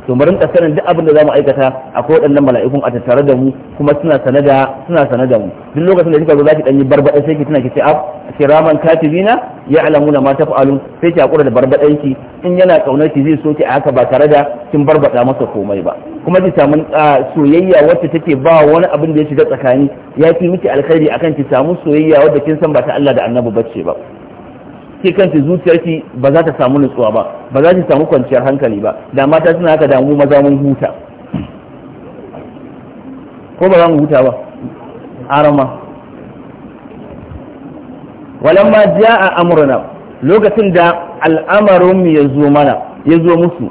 to mu rinka sanin duk abin da zamu aikata akwai waɗannan mala'ikun a tattare da mu kuma suna sane da suna sane da mu duk lokacin da kika zo zaki dan yi barbada sai ki tuna ki ce ab kiraman katibina ya'lamu ma taf'alun sai ki hakura da barbadan ki in yana kaunar ki zai so ki haka ba tare da kin barbaɗa masa komai ba kuma ki samu soyayya wacce take ba wani abin da ya shiga tsakani ya fi miki alkhairi akan ki samu soyayya wadda kin san ba ta Allah da Annabi bace ba ke kanki zuciyarki ba za ta samu nutsuwa ba ba za ta samu kwanciyar hankali ba da mata suna haka damu maza mun huta ko ba za mu huta ba arama walan ma walamma a amurna lokacin da al'amarin ya zo mana ya zo musu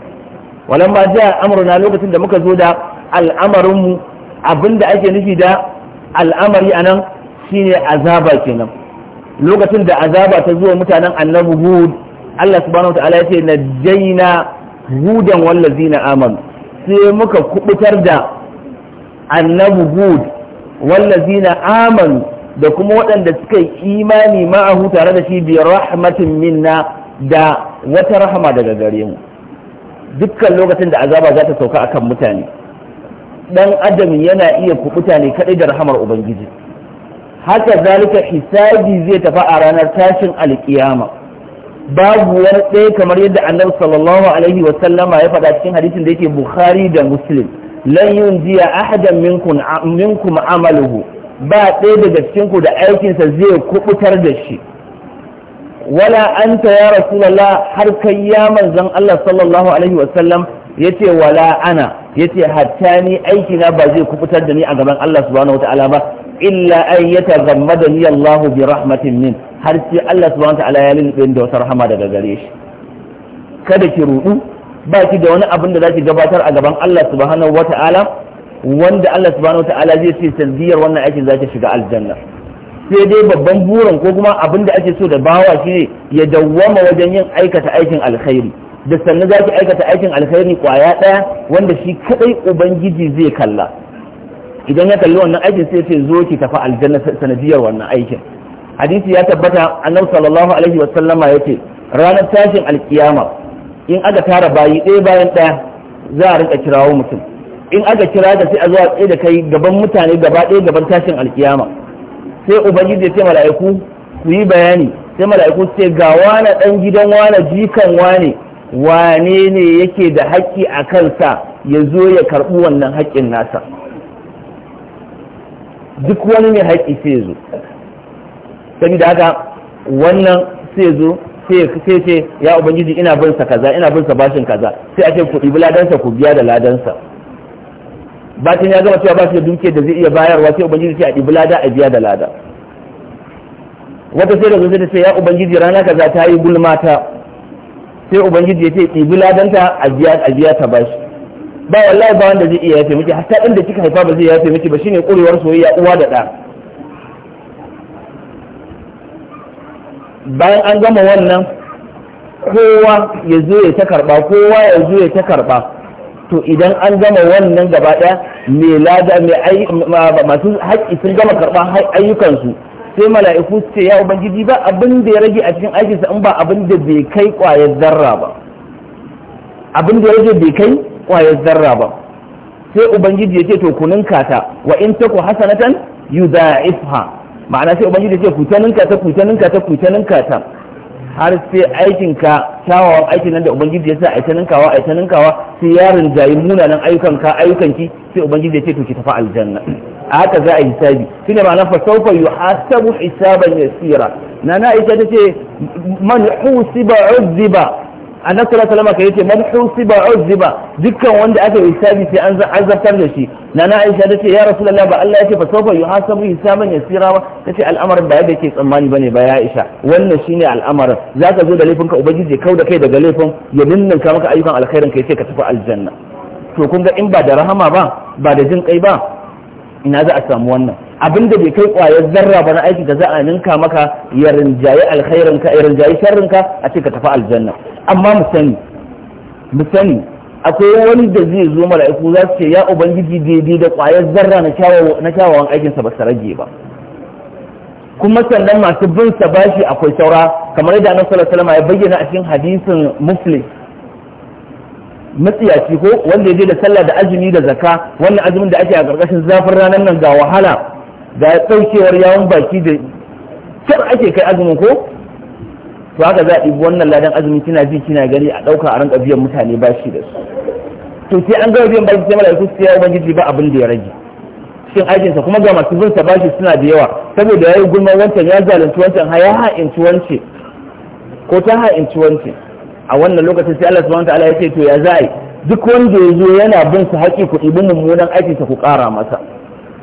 walamma a amurna lokacin da muka zo da al'amarin mu abinda ake nufi da al'amari anan shine azaba kenan lokacin da azaba ta zuwa mutanen annabu hud Allah subhanahu wataala yace najjayna hudan na aman sai muka kubutar da annabi hud na aman da kuma waɗanda suka yi imani ma'ahu tare da shi bi rahmatin minna da wata rahama daga gare mu dukkan lokacin da azaba za ta sauka akan mutane dan adam yana iya kubuta ne kadai da rahamar ubangiji haka zalika hisabi zai tafi a ranar tashin alkiyama babu wani ɗaya kamar yadda annabi sallallahu alaihi wa sallama ya faɗa cikin hadisin da yake bukhari da muslim lan yunjiya ahadan minkum minkum amaluhu ba ɗaya daga cikin ku da aikinsa zai kubutar da shi wala anta ya rasulullah har kai ya manzon Allah sallallahu alaihi wa sallam yace wala ana yace hatta ni ba zai kubutar da ni a gaban Allah subhanahu wataala ba illa an ni yallahu bi rahmatin min har sai Allah subhanahu wataala ya lulluɓe da wata rahama daga gare shi kada ki rudu ba ki da wani abin da zaki gabatar a gaban Allah subhanahu wanda Allah subhanahu zai ce ziyar wannan aiki zaki shiga aljanna sai dai babban burin ko kuma abin da ake so da bawa shine ya dawwama wajen yin aikata aikin alkhairi da sannan zaki aikata aikin alkhairi kwaya daya wanda shi kadai ubangiji zai kalla idan ya kalli wannan aikin sai sai zo ki tafi aljanna sanadiyar wannan aikin hadisi ya tabbata annabi sallallahu alaihi wa sallama yace ranar tashin alkiyama in aka tara bayi ɗaya bayan ɗaya za a rinka kirawo mutum in aka kira ka sai a zuwa tsaye da kai gaban mutane gaba ɗaya gaban tashin alkiyama sai ubangiji ya ce mala'iku ku yi bayani sai mala'iku su ce ga wani ɗan gidan wani jikan wane wane ne yake da haƙƙi a kansa ya zo ya karɓi wannan haƙƙin nasa duk wani mai haƙƙi sai zo da haka wannan sai zo sai ce ya ubangiji ina bin sa kaza ina bin sa bashin kaza sai a ce ku ɗibi ladansa ku biya da ladansa bacin ya gama cewa ba shi da dukiyar da zai iya bayarwa sai ubangiji sai a ɗibi lada a biya da lada wata sai da zai ce ya ubangiji rana kaza ta yi gulmata sai ubangiji ya ce ɗibi ladanta a biya ta bashi ba wallahi ba wanda zai iya yafe miki hatta inda kika haifa ba zai yafe miki ba shine ƙurewar soyayya uwa da da bayan an gama wannan kowa ya zo ya ta karba kowa ya zo ya ta karba to idan an gama wannan gaba daya mai lada ai masu haƙƙi sun gama ayyukan ayyukansu sai mala'iku su ce ya ubangiji ba abin da ya rage a cikin aikinsa in ba abin da bai kai ƙwayar zarra ba abin da ya rage bai kai ƙwayar zarra ba sai ubangiji ya ce to ku ninka ta wa in ku hasanatan yudha'ifha ma'ana sai ubangiji ya ce ku ta ninka ta ku ta ninka ta ku ta ninka ta har sai aikinka kyawawan aikin nan da ubangiji ya sa a ta ninkawa a ninkawa sai yaron jayi munanan ayyukan ka ayyukan ki sai ubangiji ya ce to ki tafi aljanna a haka za a yi hisabi shine ma'ana fa sawfa yuhasabu hisaban yasira nana aisha tace man husiba uziba annabi sallallahu alaihi wasallam yace man husiba uzziba dukkan wanda aka yi hisabi sai an azabtar da shi nana Aisha tace ya Rasulullah ba Allah yake fa sawfa yuhasabu hisaban yasira ba tace al'amarin ba yadda yake tsammani bane ba ya Aisha wannan shine al'amarin zaka zo da laifin ka ubangiji kau da kai daga laifin ya ninninka maka ayyukan alkhairin kai sai ka tafi aljanna to kun ga in ba da rahama ba ba da jin kai ba ina za a samu wannan abinda bai kai kwayar zarra ba na aiki da za a ninka maka ya rinjaye alkhairinka ya rinjaye sharrinka a ce ka tafi aljanna amma mu sani mu sani akwai wani da zai zo mala'iku za su ce ya ubangiji daidai da kwayar zarra na kyawawan aikinsa ba su rage ba kuma sannan masu bin sa bashi akwai saura kamar yadda annabi sallallahu alaihi ya bayyana a cikin hadisin muslim matsiyaci ko wanda ya je da sallah da azumi da zakka wannan azumin da ake a karkashin zafin ranar nan ga wahala ga ɗaukewar yawon baki da can ake kai azumin ko to haka za a ɗibi wannan ladan azumi kina ji kina gani a ɗauka a ranka biyan mutane bashi da su to sai an gama biyan bashi sai mala'iku su ya ubangiji ba abin da ya rage cikin aikinsa kuma ga masu bin sa bashi suna da yawa saboda yayi gulma wancan ya zalunci wancan ha ya ha'inci wancan ko ta ha'inci wancan a wannan lokacin sai Allah subhanahu wataala ya ce to ya za'i duk wanda ya zo yana bin sa haƙi ku ɗibi mummunan aikinsa ku ƙara masa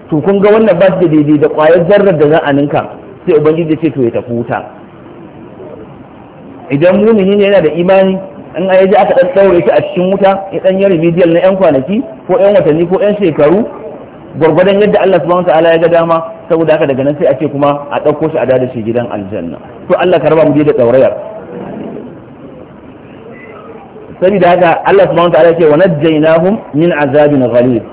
to kun ga wannan ba da daidai da ƙwayar zarrar da za a ninka sai ubangiji ce to ya tafi wuta idan mumini ne yana da imani in a yaji aka ɗan ɗaure shi a cikin wuta ya ɗan yi remedial na 'yan kwanaki ko 'yan watanni ko 'yan shekaru gwargwadon yadda Allah subhanahu ta'ala ya ga dama saboda haka daga nan sai a ce kuma a ɗauko shi a dada shi gidan aljanna to Allah ka raba mu da ɗaurayar saboda haka Allah subhanahu ta'ala ya ce wa najjaynahum min azabin ghalib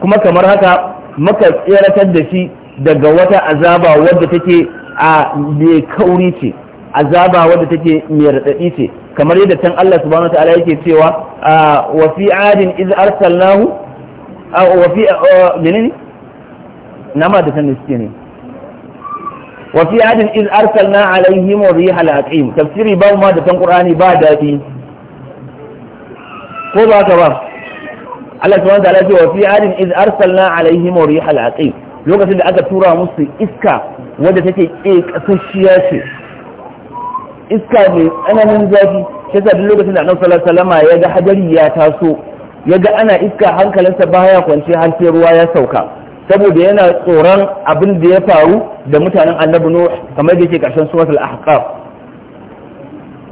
kuma kamar haka muka tseratar da shi daga wata azaba wadda take a mai kauri ce azaba wadda take mai raɗaɗi ce kamar yadda can Allah subhanahu wa ta'ala yake cewa wa fi adin iz arsalnahu wa fi menene nama da sanin suke ne wa fi adin iz arsalna alaihim rihal aqim tafsiri ba ma da tan qur'ani ba dadi ko ba ka ba Allah subhanahu wa ta'ala ce wa fi adin iz arsalna alaihim rihal aqim lokacin da aka tura musu iska wadda take kekasashiya ce iska mai tsananin zafi shi duk lokacin da annabi sallallahu alaihi wasallam ya ga hadari ya taso ya ga ana iska hankalinsa baya kwance har sai ruwa ya sauka saboda yana tsoron abin da ya faru da mutanen annabi nuh kamar da yake karshen suratul ahqaf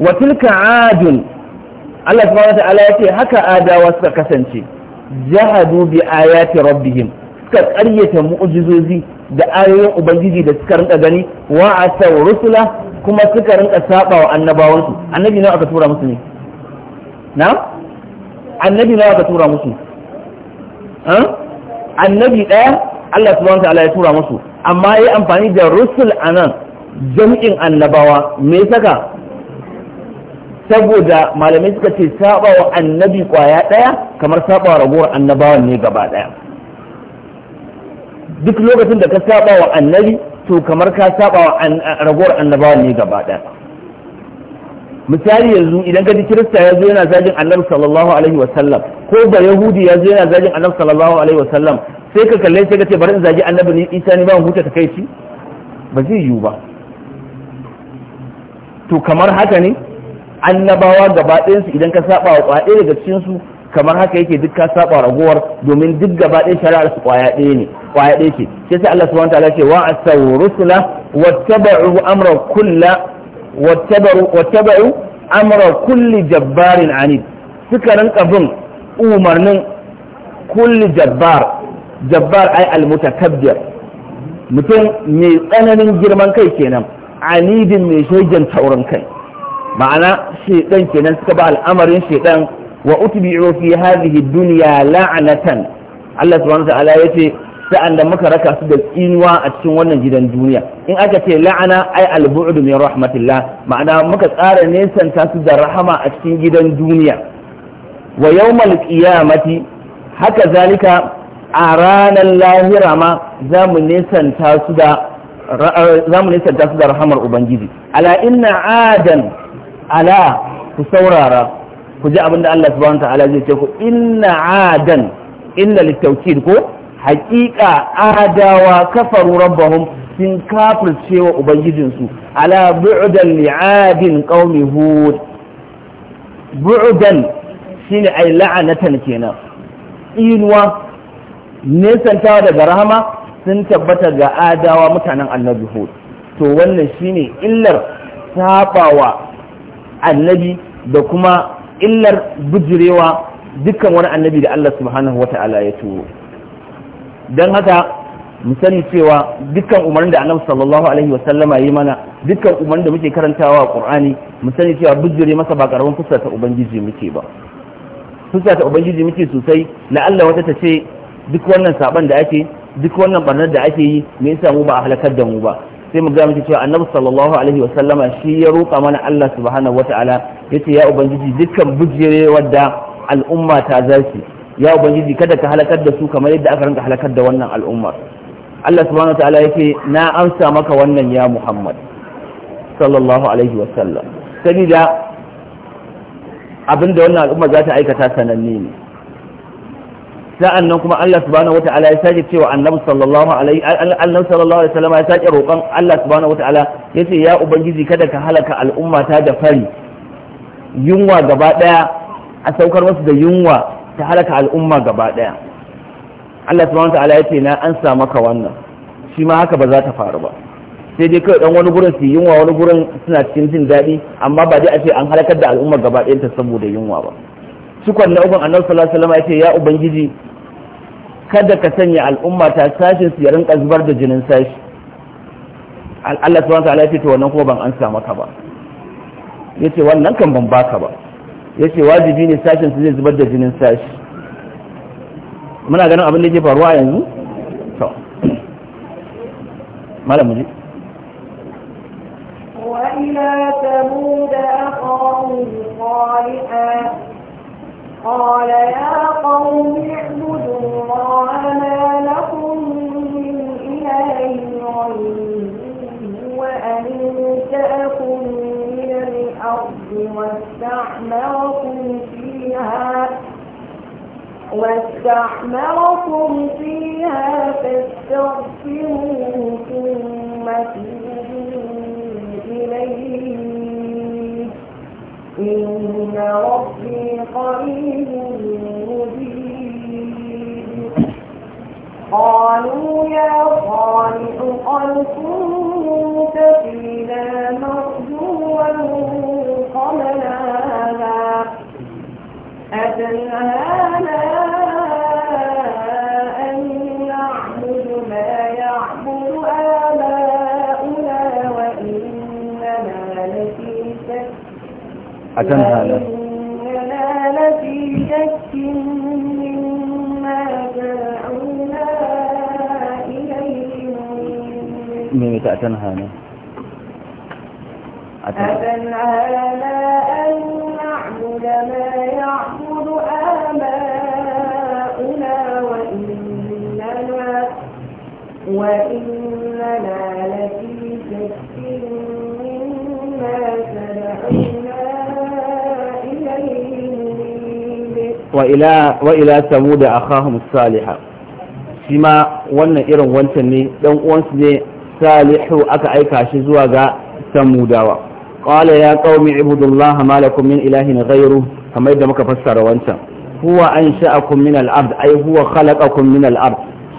wa tilka adun Allah subhanahu wa ta'ala yace haka adawa suka kasance jahadu bi ayati rabbihim suka ƙaryata mu'jizozi da ayoyin ubangiji da suka rinka gani wa asaw rusula kuma suka rinka saba wa annabawansu annabi nawa aka tura musu ne na annabi nawa aka tura musu annabi ɗaya Allah subhanahu ta'ala ya tura musu amma ai amfani da rusul anan jam'in annabawa me saka saboda malamai suka ce saba wa annabi kwaya daya kamar saba wa ragowar annabawan ne gaba daya duk lokacin da ka saba wa annabi to kamar ka saba wa ragowar annabawan ne gaba daya misali yanzu idan ka ji kirista ya zo yana zagin annabi sallallahu alaihi wa ko ba yahudi ya zo yana zagin annabi sallallahu alaihi wa sai ka kalle sai ka ce bari in zagi annabi ne isa ne ba mu huta ta kai shi ba zai yiwu ba to kamar haka ne annabawa gaba su idan ka saba wa kwaya daga cikin su kamar haka yake duk ka saba ragowar domin duk gaba ɗaya shari'ar su kwaya ɗaya ne kwaya ɗaya ce sai sai Allah subhanahu wataala ce wa asaw rusula wattaba'u amra kulla wattabaru wattaba'u amra kulli jabbarin anid suka rinka bin umarnin kulli jabbar jabbar ai almutakabbir mutum mai tsananin girman kai kenan anidin mai shegen taurin kai ma'ana shedan kenan suka ba al'amarin shedan wa utbi'u fi hadhihi dunya la'natan Allah subhanahu wa ta'ala yace sa'an da muka raka su da tsinuwa a cikin wannan gidan duniya in aka ce la'ana ai al-bu'd min rahmatillah ma'ana muka tsara nesanta su da rahama a cikin gidan duniya wa yawmal qiyamati haka zalika a ranar lahira ma za mu nesanta su da rahamar ubangiji ala inna adan ala ku saurara ku ji abinda Allah subhanahu ta'ala zai ce ku inna adan inna litawkid ko haqiqa adawa kafaru rabbahum sun kafirce wa su ala bu'dan li'adin qaumi hud bu'dan shine ay la'anatan kenan inuwa nesantawa daga rahama sun tabbata ga adawa mutanen annabi hud to wannan shine illar sabawa annabi da kuma illar bijirewa dukkan wani annabi da Allah subhanahu ta'ala ya turo don haka mu sani cewa dukkan umarnin da annabi sallallahu alaihi wasallama yi mana dukkan umarnin da muke karantawa a qur'ani mu sani cewa bijire masa ba karamin fuska ta ubangiji muke ba fuska ta ubangiji muke sosai allah wata ta ce duk wannan saban da ake duk wannan barnar da ake yi me yasa mu ba a halakar da mu ba sai mu ga miki cewa annabi sallallahu alaihi wasallama shi ya roƙa mana Allah subhanahu wata'ala yace ya ubangiji dukkan bujirewar da al'umma ta zarki ya ubangiji kada ka halakar da su kamar yadda aka rinka halakar da wannan al'ummar Allah subhanahu wata'ala yake na amsa maka wannan ya Muhammad sallallahu alaihi wasallam sabida abinda wannan al'umma za ta aikata sananne ne sa'an nan kuma Allah subhanahu wata'ala ya sake cewa annabi sallallahu alaihi annabi sallallahu alaihi wasallam ya sake roƙon Allah subhanahu wata'ala Ta'ala ya ce ubangiji kada ka halaka al'umma ta da fari yunwa gaba daya a saukar wasu da yunwa ta halaka al'umma gaba daya Allah subhanahu ya ce na an sa maka wannan shi ma haka ba za ta faru ba sai dai kawai ɗan wani gurin su yunwa wani gurin suna cikin jin daɗi amma ba dai a ce an halakar da al'umma gaba ɗayanta saboda yunwa ba cikon na uban annabi sallallahu alaihi wasallam ya ce ya ubangiji kada ka sanya al'umma ta sashin su ya rinka zubar da jinin sashi Allah subhanahu wa ta'ala yace to wannan ko ban an samu ka ba yace wannan kan ban baka ba yace wajibi ne sashin su zai zubar da jinin sashi muna ganin abin da yake faruwa yanzu to malam ji وإلى ثمود أخاهم صالحا قال يا قوم اعبدوا الله ما لكم من إله غيره وأنشأكم من الأرض واستعمركم فيها واستعمركم فيها فاستغفروه ثم توبوا إليه إن ربي قريب مجيب قالوا يا خالق قد كنت فينا مرجوا قبل هذا أتنهانا أن نعبد ما يعبد آباؤنا آه أتنهى له إننا لفي شك مما دعونا إليه ميت أتنهى له أتنهانا أن نعبد ما يعبد آباؤنا وإننا وإننا لك wa ila samu da akahum saliha shi ma wannan irin wancan ne dan uwansu ne salihu aka aika shi zuwa ga samudawa qala ya qaumi ibudullah ma min ilahin gairu kamar yadda muka fassara wancan huwa ansha'akum min al-ard ay huwa khalaqakum min al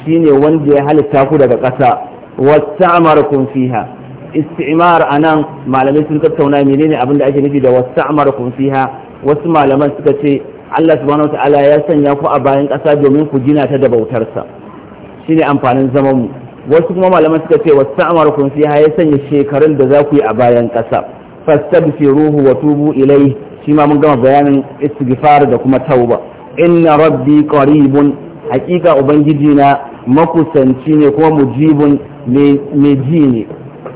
shine wanda ya halitta ku daga ƙasa wasta'marakum fiha istimar anan malamai sun tattauna menene abin da ake nufi da wasta'marakum fiha wasu malaman suka ce Allah subhanahu ya sanya ku a bayan ƙasa domin ku gina ta da bautarsa shine amfanin zaman mu wasu kuma malaman suka ce wasu kun fiha ya sanya shekarun da za ku yi a bayan ƙasa ruhu wa tubu ilai shi ma mun gama bayanin istighfar da kuma tauba inna rabbi qaribun hakika ubangiji na makusanci ne kuma mujibun mai ji ne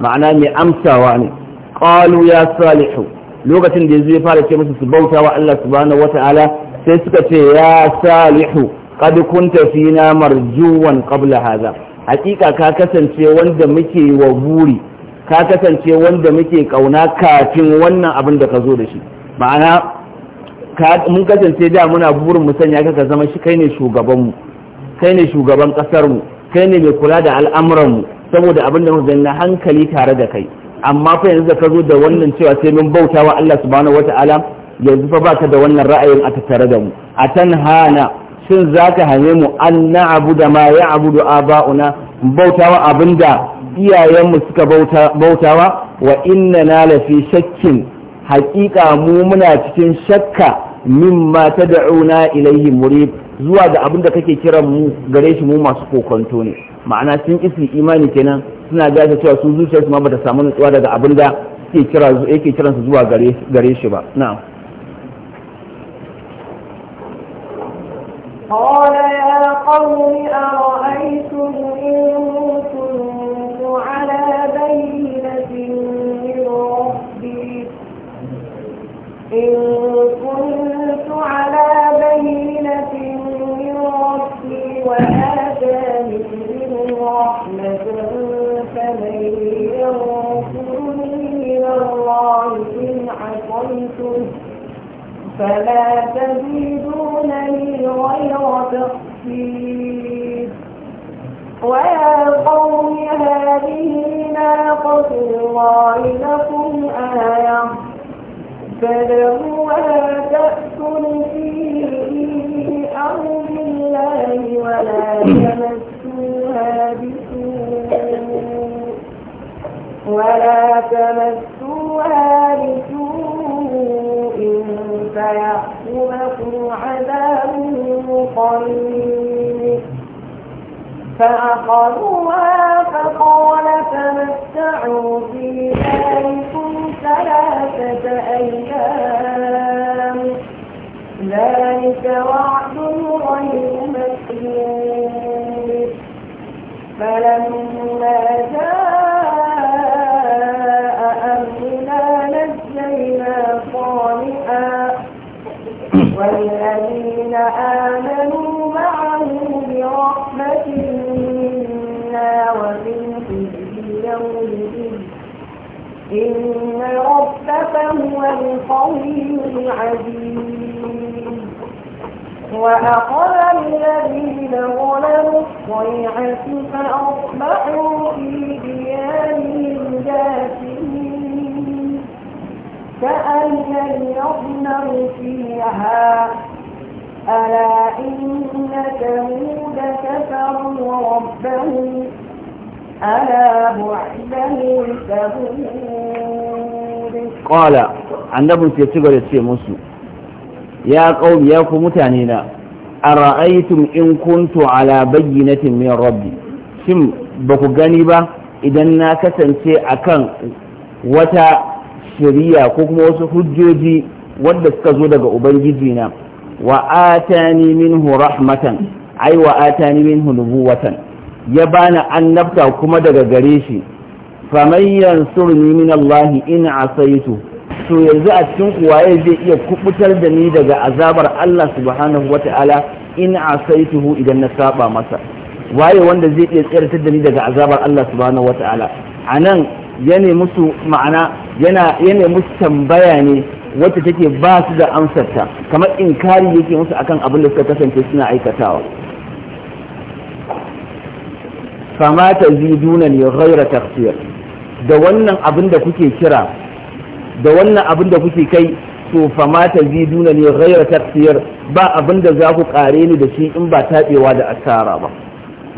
ma'ana mai amsawa ne qalu ya salihu lokacin da yazo ya fara ce musu su bauta wa Allah subhanahu wata'ala sai suka ce ya salihu qad kunta fina marjuwan qabla hadha hakika ka kasance wanda muke wa buri ka kasance wanda muke kauna kafin wannan abin da ka zo da shi ma'ana mun kasance da muna burin mu sanya ka zama shi kai ne shugabanmu kai ne shugaban kai ne mai kula da al'amuranmu saboda abin da muka na hankali tare da kai amma fa yanzu da ka zo da wannan cewa sai mun bauta wa Allah subhanahu wata'ala yanzu fa baka da wannan ra'ayin a tattare da mu a tan hana shin za ka hane mu an da ma abudu aba'una bautawa abinda iyayenmu suka bautawa wa inna na lafi shakkin haƙiƙa mu muna cikin shakka mimma da'una ilayhi murib zuwa da abin da kake kiran mu gare shi mu masu kokonto ne ma'ana sun isi imani kenan suna gasa cewa su zuciyarsu ma bata samu nutsuwa daga abin da yake kiran su zuwa gare shi ba na'am قال يا قوم أرأيتم إن كنت على بينة من ربي إن فلا تزيدونني غير تخفيف ويا قوم هذه ناقة الله لكم آية فدعوها تأكل في أرض الله ولا تمسوها بسوء ولا تمسوها فيأخذكم عذاب قليل فأخذوها فقال تمتعوا في داركم ثلاثة أيام ذلك وعد غير مكذوب فلما جاء والذين آمنوا معه برحمة منا وفي يومئذ إن ربك هو القوي العزيز وأخذ الذين ظلموا الصيحة فأصبحوا في ديارهم جاثمين كأن لم يظلموا فيها ألا إن ثمود كفروا ربهم ألا بعدا ثمود قال annabin sai ci gaba ce musu ya qaumi ya ku mutane na ara'aytum in kuntu ala bayyinatin min rabbi shin ba ku gani ba idan na kasance akan wata shari'a ko kuma wasu hujjoji wanda suka zo daga ubangiji na wa atani minhu rahmatan ai wa atani minhu nubuwatan ya annabta kuma daga gare shi faman yansurni min Allah in asaitu to yanzu a cikin waye zai iya kubutar da ni daga azabar Allah subhanahu wata'ala in asaituhu idan na saba masa waye wanda zai iya tsayar da ni daga azabar Allah subhanahu wata'ala anan ya nemi su ma'ana yana yana musu tambaya ne wacce take ba su da amsarta kamar inkari yake musu akan abin da suka kasance suna aikatawa fama ta ziduna ne ghaira tafsir da wannan abin da kuke kira da wannan abin da kuke kai to fama ta ziduna ne ghaira tafsir ba abin da za ku kare ni da shi in ba taɓewa da asara ba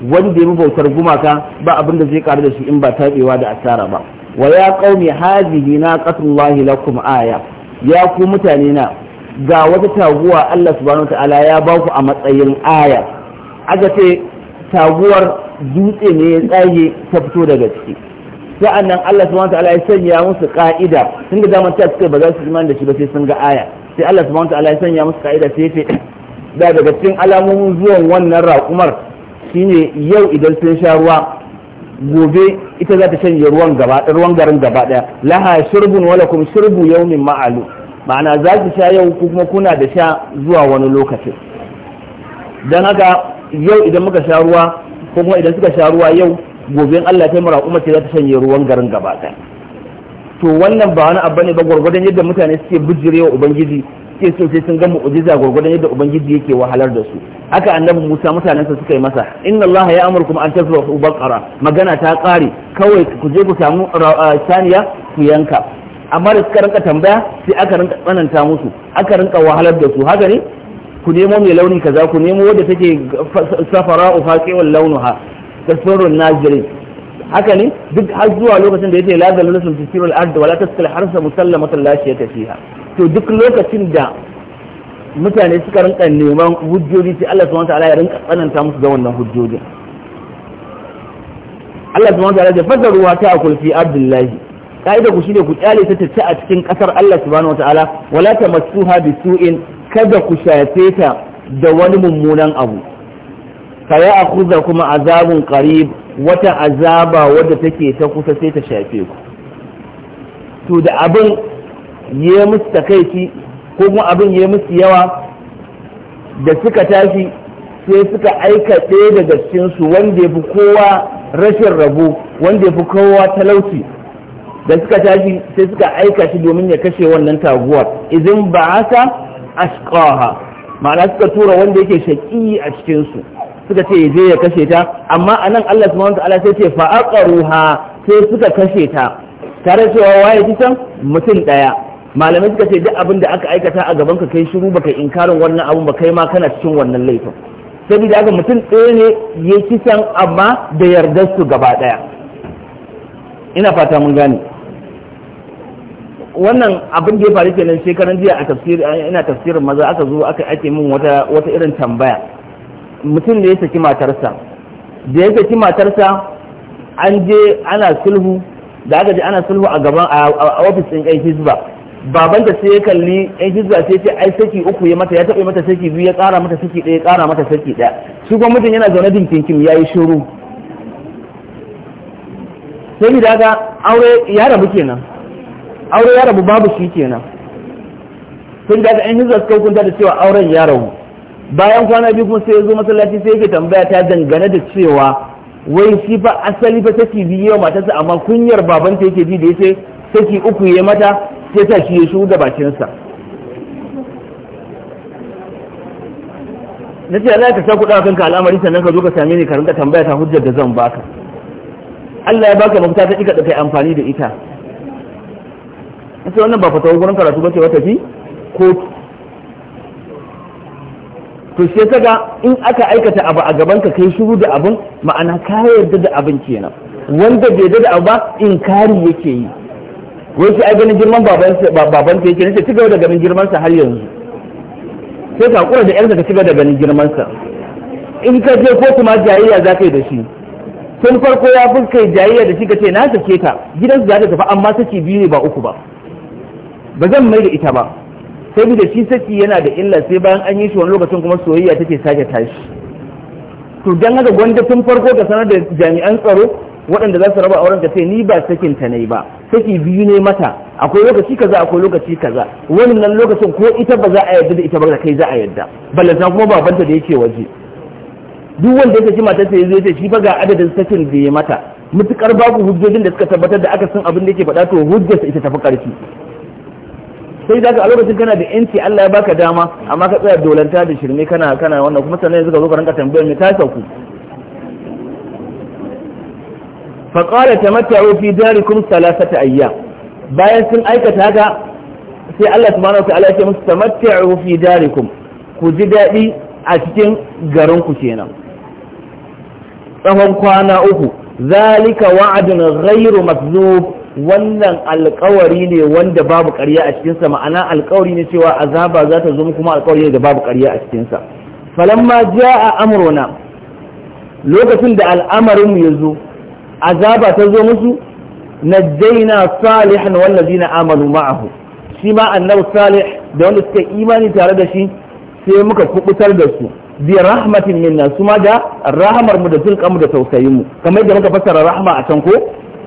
wanda ya bautar gumaka ba abin da zai kare da shi in ba taɓewa da asara ba wa ya qaumi hadhihi naqatullahi lakum aya ya ku mutane na ga wata taguwa Allah subhanahu ta'ala ya ba ku a matsayin aya aka ce taguwar dutse ne ya tsage ta fito daga ciki sa'annan Allah subhanahu ta'ala ya sanya musu ka'ida sun ga zaman ta ba za su imani da shi ba sai sun ga aya sai Allah subhanahu ta'ala ya sanya musu ka'ida sai ce da daga cikin alamomin zuwan wannan raƙumar shine yau idan sun sha ruwa gobe ita za ta canje ruwan gaba ruwan garin gaba daya laha shurbun wala kum shurbu yawmin ma'alu ma'ana za ki sha yau kuma kuna da sha zuwa wani lokaci. dan haka yau idan muka sha ruwa ko kuma idan suka sha ruwa yau gobe Allah ta mura umma ce za ta canje ruwan garin gaba daya to wannan ba wani abu ne ba gwargwadon yadda mutane suke bijirewa ubangiji suke so sai sun ga mu'jiza gurgurdan yadda ubangiji yake wahalar da su haka annabi Musa mutanensa suka yi masa inna Allah ya amurkum an tazbahu baqara magana ta kare kawai ku je ku samu saniya ku yanka amma da suka rinka tambaya sai aka rinka tsananta musu aka rinka wahalar da su haka ne ku nemo mai launi kaza ku nemo wadda take safara'u faqiwal launuha tasfarun najirin haka ne duk har zuwa lokacin da yake la nasu tisirul ard wala taskil harsa musallamatan la shiyata fiha to duk lokacin da mutane suka rinka neman hujjoji sai Allah subhanahu wataala ya rinka tsananta musu da wannan hujjojin Allah subhanahu wataala ya fasa ruwa ta akul fi abdullahi kaida ku shine ku kyale ta tace a cikin kasar Allah subhanahu wataala wala tamassuha bi su'in kada ku shafe ta da wani mummunan abu faya akuza kuma azabun qarib wata azaba wadda take ta kusa sai ta shafe ku to da abin ya musu takaici ko kuma abin ya musu yawa da suka tashi sai suka aika ɗaya daga cikinsu wanda ya fi kowa rashin rabo wanda ya fi kowa talauci da suka tashi sai suka aika shi domin ya kashe wannan taguwar izin ba haka ashqaha ma'ana suka tura wanda yake shaƙi a cikinsu suka ce ya je ya kashe ta amma a nan Allah subhanahu ala sai ce fa aqaruha sai suka kashe ta tare cewa waye kisan mutum ɗaya? malamai suka ce duk abin da aka aikata a gaban ka kai shiru baka inkarin wannan abun ba kai ma kana cikin wannan laifin saboda haka mutum ɗaya ne ya san amma da yardar su gaba ɗaya ina fata mun gane wannan abin da ya faru kenan shekaran jiya a tafsir ina tafsirin maza aka zo aka ake min wata wata irin tambaya mutum da ya saki matarsa da ya saki matarsa an je ana sulhu da aka je ana sulhu a gaban a ofis ɗin ɗan ba Baban ta sai ya kalli yan hizba sai ce ai saki uku ya mata ya taɓa mata saki biyu ya ƙara mata saki ɗaya ya ƙara mata saki ɗaya su kuma mutum yana zaune dinkinkin ya yi shiru sai da ga aure ya rabu kenan aure ya rabu babu shi kenan sai da ga yan hizba suka hukunta da cewa auren ya rabu bayan kwana biyu kuma sai ya zo masallaci sai yake tambaya ta dangane da cewa wai shi fa asali fa saki biyu matarsa amma kunyar babanta yake ji da ya ce saki uku ya mata ya sa shi ya shu da bakinsa na ce Allah ka sa kuɗa kanka al'amari sannan ka zo ka same ni ka rinka tambaya ta hujjar da zan baka Allah ya baka mafita ta ika da kai amfani da ita ita wannan ba fata gurin karatu ba ce wata fi kotu to sai ga in aka aikata abu a gaban ka kai shuru da abin ma'ana ka yarda da abin kenan wanda bai yarda da abu ba in kari yake yi wai sai ganin girman babansa yake nace cigaba da ganin girmansa har yanzu sai ka kura da yarsa ka cigaba da ganin girmansa in ka je ko kuma jayayya za ka yi da shi tun farko ya fuskai jayayya da shi ka ce na sake ka gidansu za ta tafi amma saki biyu ne ba uku ba ba zan mai da ita ba sai da shi saki yana da illa sai bayan an yi shi wani lokacin kuma soyayya take sake tashi to dan haka gwanda tun farko ka sanar da jami'an tsaro waɗanda za su raba auren ka sai ni ba sakin ta ne ba saki biyu ne mata akwai lokaci kaza akwai lokaci kaza wannan lokacin ko ita ba za a yarda da ita ba da kai za a yarda ballanta kuma banta da yake waje duk wanda ya saki matar sai zai ce shi fa ga adadin sakin da ya mata mutukar babu hujjojin da suka tabbatar da aka san abin da yake faɗa to hujjarsa ita tafi ƙarfi sai zaka a lokacin kana da yanci Allah ya baka dama amma ka tsaya dolanta da shirme kana kana wannan kuma sannan yanzu ka zo ka ranka tambayar me ta sauku faƙala ta matawo fi darikum salasata ayya bayan sun aikata haka sai Allah subhanahu wa ta'ala ya ce musu tamatta'u fi darikum ku ji daɗi a cikin garin ku kenan tsawon kwana uku zalika wa'adun ghairu makzub wannan alƙawari ne wanda babu ƙarya a cikin sa ma'ana alƙawari ne cewa azaba za ta zo kuma alƙawari ne da babu ƙarya a cikin sa falamma jaa amruna lokacin da al'amarin mu zo. azaba ta zo musu na salihan wallazina amanu ma'ahu shi ma annabi salih da wanda suka imani tare da shi sai muka kubutar da su bi rahmatin minna su ma da rahamar mu da zulkan mu da tausayin mu kamar yadda muka fassara rahma a can ko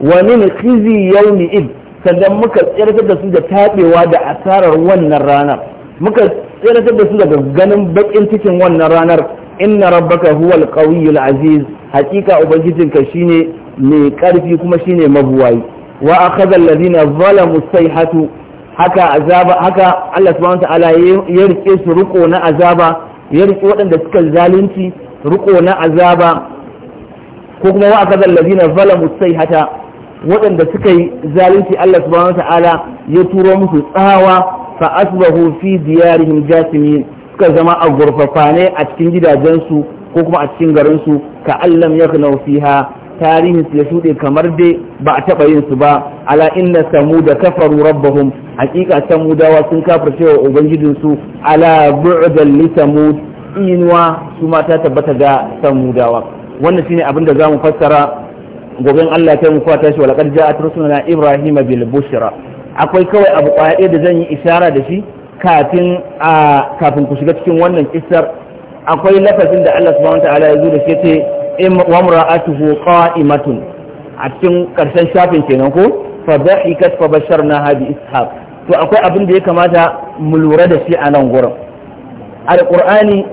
wa min khizi yawmi id sannan muka tsirkar da su da tabewa da asarar wannan ranar muka tsirkar da su daga ganin bakin cikin wannan ranar inna rabbaka huwal qawiyyul aziz hakika ubangijinka shine mai karfi kuma shine mabuwayi wa akhadha alladhina zalamu sayhatu haka azaba haka Allah subhanahu wa ta'ala ya rike su riko na azaba ya rike waɗanda suka zalunci riko na azaba ko kuma wa akhadha alladhina zalamu sayhata waɗanda suka yi zalunci Allah subhanahu wa ta'ala ya turo musu tsawa fa asbahu fi diyarihim jasimin suka zama a gurfafane a cikin gidajensu ko kuma a cikin garinsu ka allam yaknau fiha tarihin su ya shuɗe kamar dai ba a taɓa yin su ba ala inna samuda kafaru rabbahum hakika samudawa sun cewa wa su ala bu'dal li samud inwa su ma ta tabbata ga samudawa wannan shine abin da zamu fassara goben Allah ta mu kwata shi walaqad ja'at rusuluna ibrahim bil bushra akwai kawai abu kwaye da zan yi isara da shi kafin kafin ku shiga cikin wannan kissar akwai lafazin da Allah subhanahu wa ta'ala ya zo da shi a cikin karshen shafin kenan ko fa كينان fa basharna hadi ishaq to akwai abin da ya kamata mu lura da shi a nan gurin alqur'ani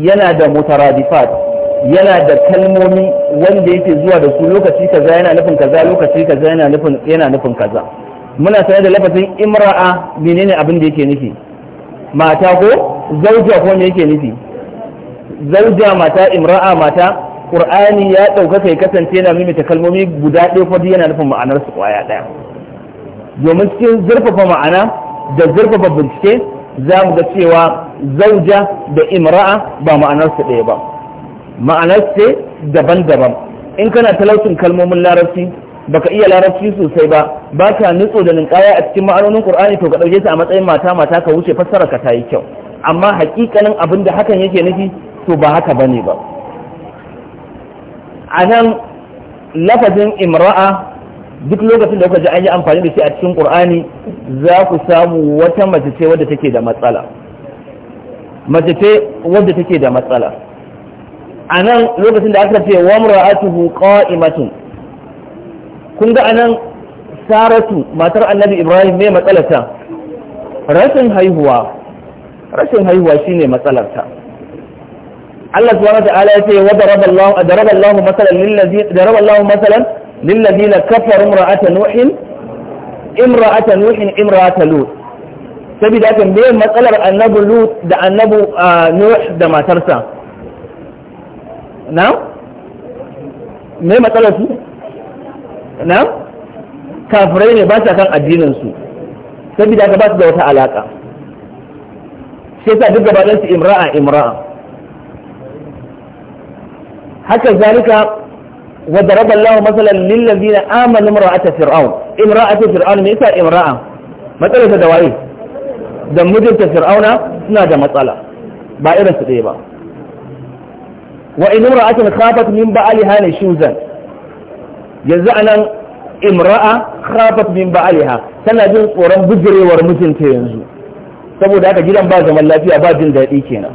yana da mutaradifat yana da kalmomi wanda yake zuwa da su lokaci kaza yana nufin kaza lokaci kaza yana nufin yana nufin kaza muna sanar da lafazin imra'a menene abin da yake nufi mata ko zauja ko me yake nufi zauja mata imra'a mata qur'ani ya ɗaukaka ya kasance yana mimita kalmomi guda ɗaya kuma yana nufin ma'anar su kwaya ɗaya domin cikin zurfafa ma'ana da zurfafa bincike za mu ga cewa zauja da imra'a ba ma'anar su ɗaya ba ma'anar su daban-daban in kana talaucin kalmomin larabci baka iya larabci sosai ba ba ka nutso da ninkaya a cikin ma'anonin qur'ani to ka ɗauke su a matsayin mata mata ka wuce fassara ka ta yi kyau amma hakikanin abin da hakan yake nufi to ba haka bane ba a nan lafazin imra'a duk lokacin da kuka ji an yi amfani da shi a cikin qur'ani za ku samu wata mace ce wadda take da matsala mace ce wadda take da matsala a nan lokacin da aka ce wa mura'atuhu qa'imatun kun ga anan saratu matar annabi ibrahim mai matsalarta rashin haihuwa rashin haihuwa shine matsalarta Allah subhanahu ta'ala yace wa daraba Allah daraba Allah masalan lil ladina daraba Allah masalan lil ladina kafaru imra'ata nuhin imra'ata nuhin imra'ata lut saboda haka me matsalar annabi lut da annabi nuh da matarsa na me matsalar su na kafirai ne ba sa kan addinin su saboda haka ba su da wata alaka sai ta duk gabaɗansu imra'a imra'a haka zalika wa daraba Allah masalan lil ladina amanu imra'ata fir'aun imra'ata fir'aun me yasa imra'a matsalar ta da waye da mijinta fir'auna suna da matsala ba irin su ɗaya ba wa in imra'atun khafat min ba'aliha ne shuzan yanzu anan imra'a khafat min ba'aliha tana jin tsoron bujirewar mijinta yanzu saboda haka gidan ba zaman lafiya ba jin daɗi kenan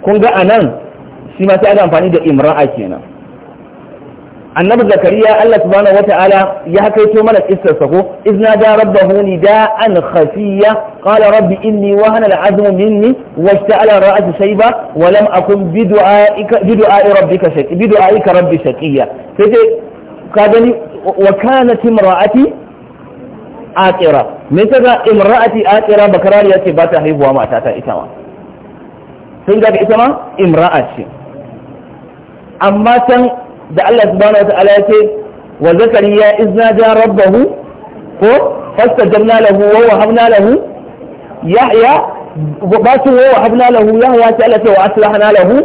kun ga anan shi ma sai aka amfani da imra'a kenan annabi zakariya Allah subhanahu wata'ala ya hakaito mana kissar sa ko izna da rabbahu an khafiya qala rabbi inni wahana al'azmu minni washta'ala ra'su shayba wa lam akun bi du'aika bi du'ai rabbika shaqi bi du'aika rabbi shaqiya sai dai ka gani wa kanat imra'ati aqira me sai ga imra'ati aqira bakarari yace ba ta haihuwa mata ta ita ma sun ga ita ma imra'a ce amma can da Allah subhanahu wataala ya ce wa zakariya izna ja rabbahu ko fastajabna lahu wa wahabna lahu yahya bacin wa wahabna lahu yahya ta Allah ce wa aslahna lahu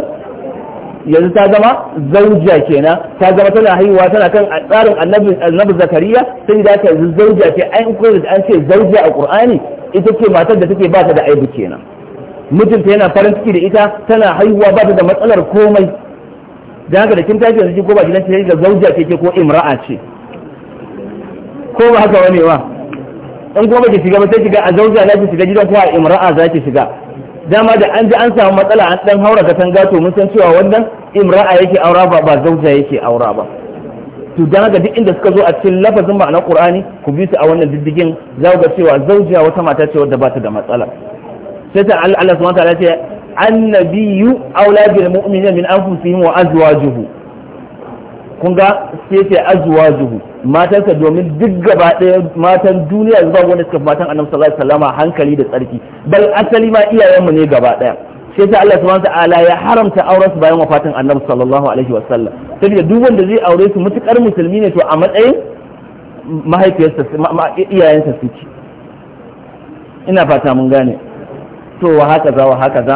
yanzu ta zama zauja kenan ta zama tana haihuwa tana kan tsarin annabi zakariya sai da ta yanzu zauja ce an koyar da an ce zauja a qur'ani ita ce matar da take ba ta da aibu kenan mijinta yana farin ciki da ita tana haihuwa ba ta da matsalar komai dan haka da kin tashi yanzu ko ba gidan ce ga zauja ce ke ko imra'a ce ko ba haka wani ba in kuma baki shiga ba sai shiga a zauja za shiga gidan ko a imra'a za ki shiga dama da an ji an samu matsala an dan haura katanga to mun san cewa wannan imra'a yake aura ba ba zauja yake aura ba to dan haka duk inda suka zo a cikin lafazin na Qur'ani ku bi su a wannan diddigin za ku ga cewa zauja wata mata ce wadda ba ta da matsala sai ta Allah subhanahu wa ta'ala ce annabiyyu aula bil mu'minina min anfusihim wa azwajuhu kun ga sai azuwa azwajuhu matansa domin duk gaba ɗaya matan duniya zuwa wanda suka matan annabi sallallahu alaihi wasallama hankali da tsarki bal asali ma iyayenmu ne gaba ɗaya sai sai Allah subhanahu ta'ala ya haramta auren su bayan wafatin annabi sallallahu alaihi wasallam saboda duk wanda zai aure su mutukar musulmi ne to a matsayin mahaifiyarsa iyayensa ci ina fata mun gane to wa haka za wa haka za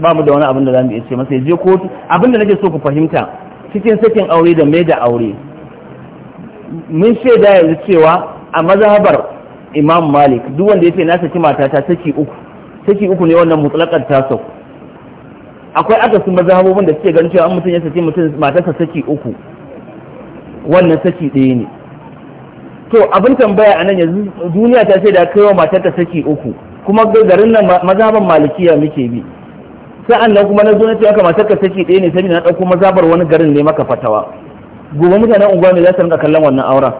ba mu da wani abin da za mu iya ce masa ya je kotu abin da nake so ku fahimta cikin sakin aure da mai da aure mun shaida yanzu cewa a mazhabar imam malik duk wanda ya ce na saki matata saki uku saki uku ne wannan mutlakar ta sauku akwai akasin mazhabobin da suke ganin cewa an mutum ya saki mutum matarsa saki uku wannan saki ɗaya ne to abin tambaya a nan yanzu duniya ta ce da kaiwa ta saki uku kuma garin nan mazhaban malikiya muke bi sa'an nan kuma na zo na ce aka matar ka saki ɗaya ne saboda na ɗauko mazabar wani garin ne maka fatawa gobe mutanen unguwa ne za su rinka kallon wannan aura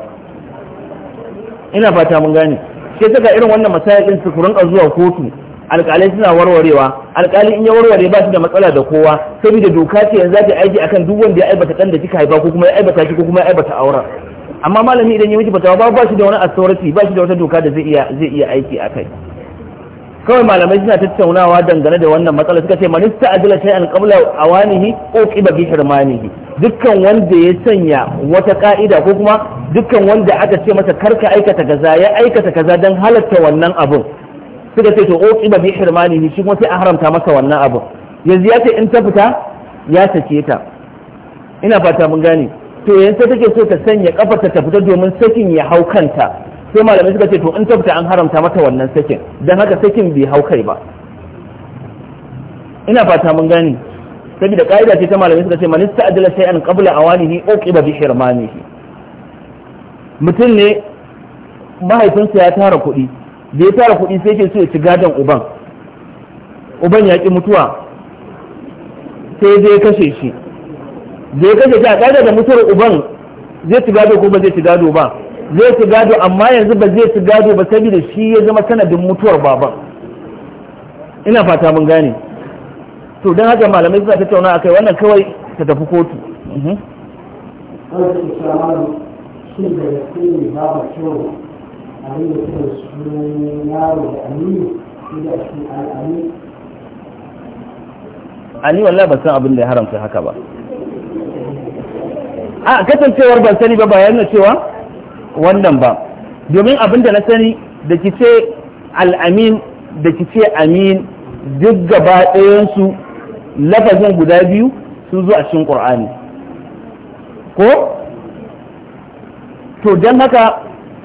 ina fata mun gane ke saka irin wannan masayakin su rinka zuwa kotu alƙalai suna warwarewa alƙalai in ya warware ba shi da matsala da kowa saboda doka ce yanzu za aiki akan duk wanda ya aibata ɗan da kika haifa ko kuma ya aibata shi ko kuma ya aibata aura amma malami idan ya miji fatawa ba shi da wani authority ba shi da wata doka da zai iya zai iya aiki akai kawai malamai suna tattaunawa dangane da wannan matsala suka ce manista ajila an kabla awanihi kiba bi hirmanihi dukkan wanda ya sanya wata ka'ida ko kuma dukkan wanda aka ce masa karka aikata kaza ya aikata kaza dan halatta wannan abun suka ce to kiba bi hirmanihi shi kuma sai a haramta masa wannan abun yanzu ya ce in ta fita ya sace ta ina fata mun gane to yanzu take so ta sanya kafarta ta fita domin sakin ya hau kanta sai malamai suka ce to in tafta an haramta mata wannan sakin don haka sakin bai hau kai ba ina fata mun gani saboda ka'ida ce ta malamai suka ce man ista'jala shay'an qabla awanihi uqiba bi hirmanihi mutum ne mahaifinsa ya tara kuɗi da ya tara kuɗi sai ke so ya ci gadon uban uban ya ƙi mutuwa sai zai kashe shi da ya kashe shi a ƙa'ida da mutuwar uban zai ci gado ko ba zai ci gado ba zai ci gado amma yanzu ba zai ci gado ba saboda shi ya zama sanadin mutuwar baban ina fata mun gane to don haka malamai suna tattauna akai wannan kawai ta tafi kotu mhm. ani wallah ba san abin da ya haramta haka ba a kasancewar ban sani ba bayan na cewa wannan ba domin abin da na sani da kice al'amin da kice amin duk gaba ɗayansu lafazin guda biyu sun zo a cikin ƙur'ani ko to don haka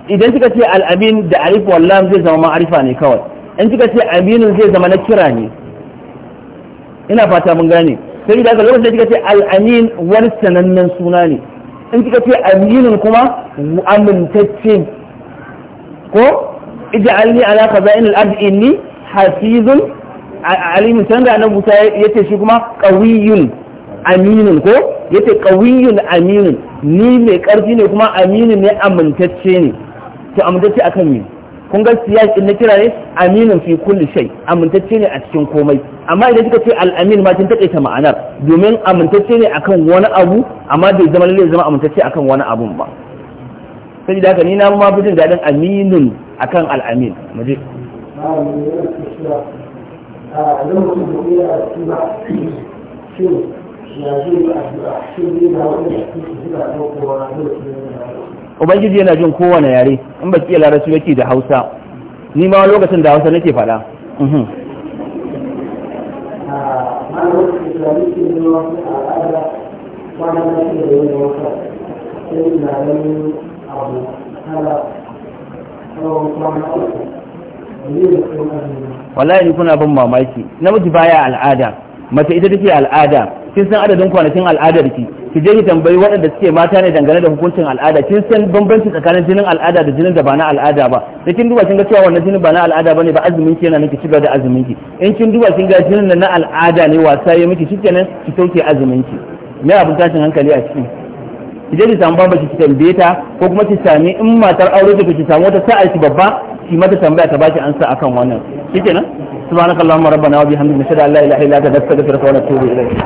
idan kika ce al'amin da arifu wallam zai zama ma'arifa ne kawai in kika ce aminin zai zama na kira ne ina fata mun gane sai da haka lokacin da kika ce al'amin wani sanannen suna ne in kika ce aminin kuma amintacce ko ij'alni ala khaza'in al-ard inni hafizun alimin sanda na Musa yace shi kuma qawiyun aminin ko yace qawiyun aminin ni mai karfi ne kuma aminin ne amintacce ne to amintacce akan me kun ga siyaq din na kira ne aminin fi kulli shay amintacce ne a cikin komai amma idan kika ce al-amin ma kin ta ma'anar domin amintacce ne akan wani abu amma bai zama lalle zama amintacce akan wani abun ba sai da haka ni na ma fi jin daɗin aminun akan al-amin mu je Ubangiji yana jin kowane yare in ba iya larabci ba da hausa ni ma lokacin da hausa nake faɗa mhm. wallahi kuna ban mamaki namiji baya al'ada mace ita take al'ada kin san adadin kwanakin al'adar ki ki je ki tambayi waɗanda suke mata ne dangane da hukuncin al'ada kin san bambanci tsakanin jinin al'ada da jinin da ba na al'ada ba da kin duba kin ga cewa wannan jinin ba na al'ada bane ba azumin ki yana nake ci da azumin ki in kin duba kin ga jinin na al'ada ne wasa ya miki shikenan ki sauke azumin ki me abin tashin hankali a ciki ki je ki samu baba ki tambaye ta ko kuma ki sami in matar aure ki ki samu wata sa'a ki babba ki mata tambaya ta baki ansa akan wannan shikenan subhanakallahumma rabbana wa bihamdika nashhadu an la ilaha illa anta nastaghfiruka wa natubu ilayk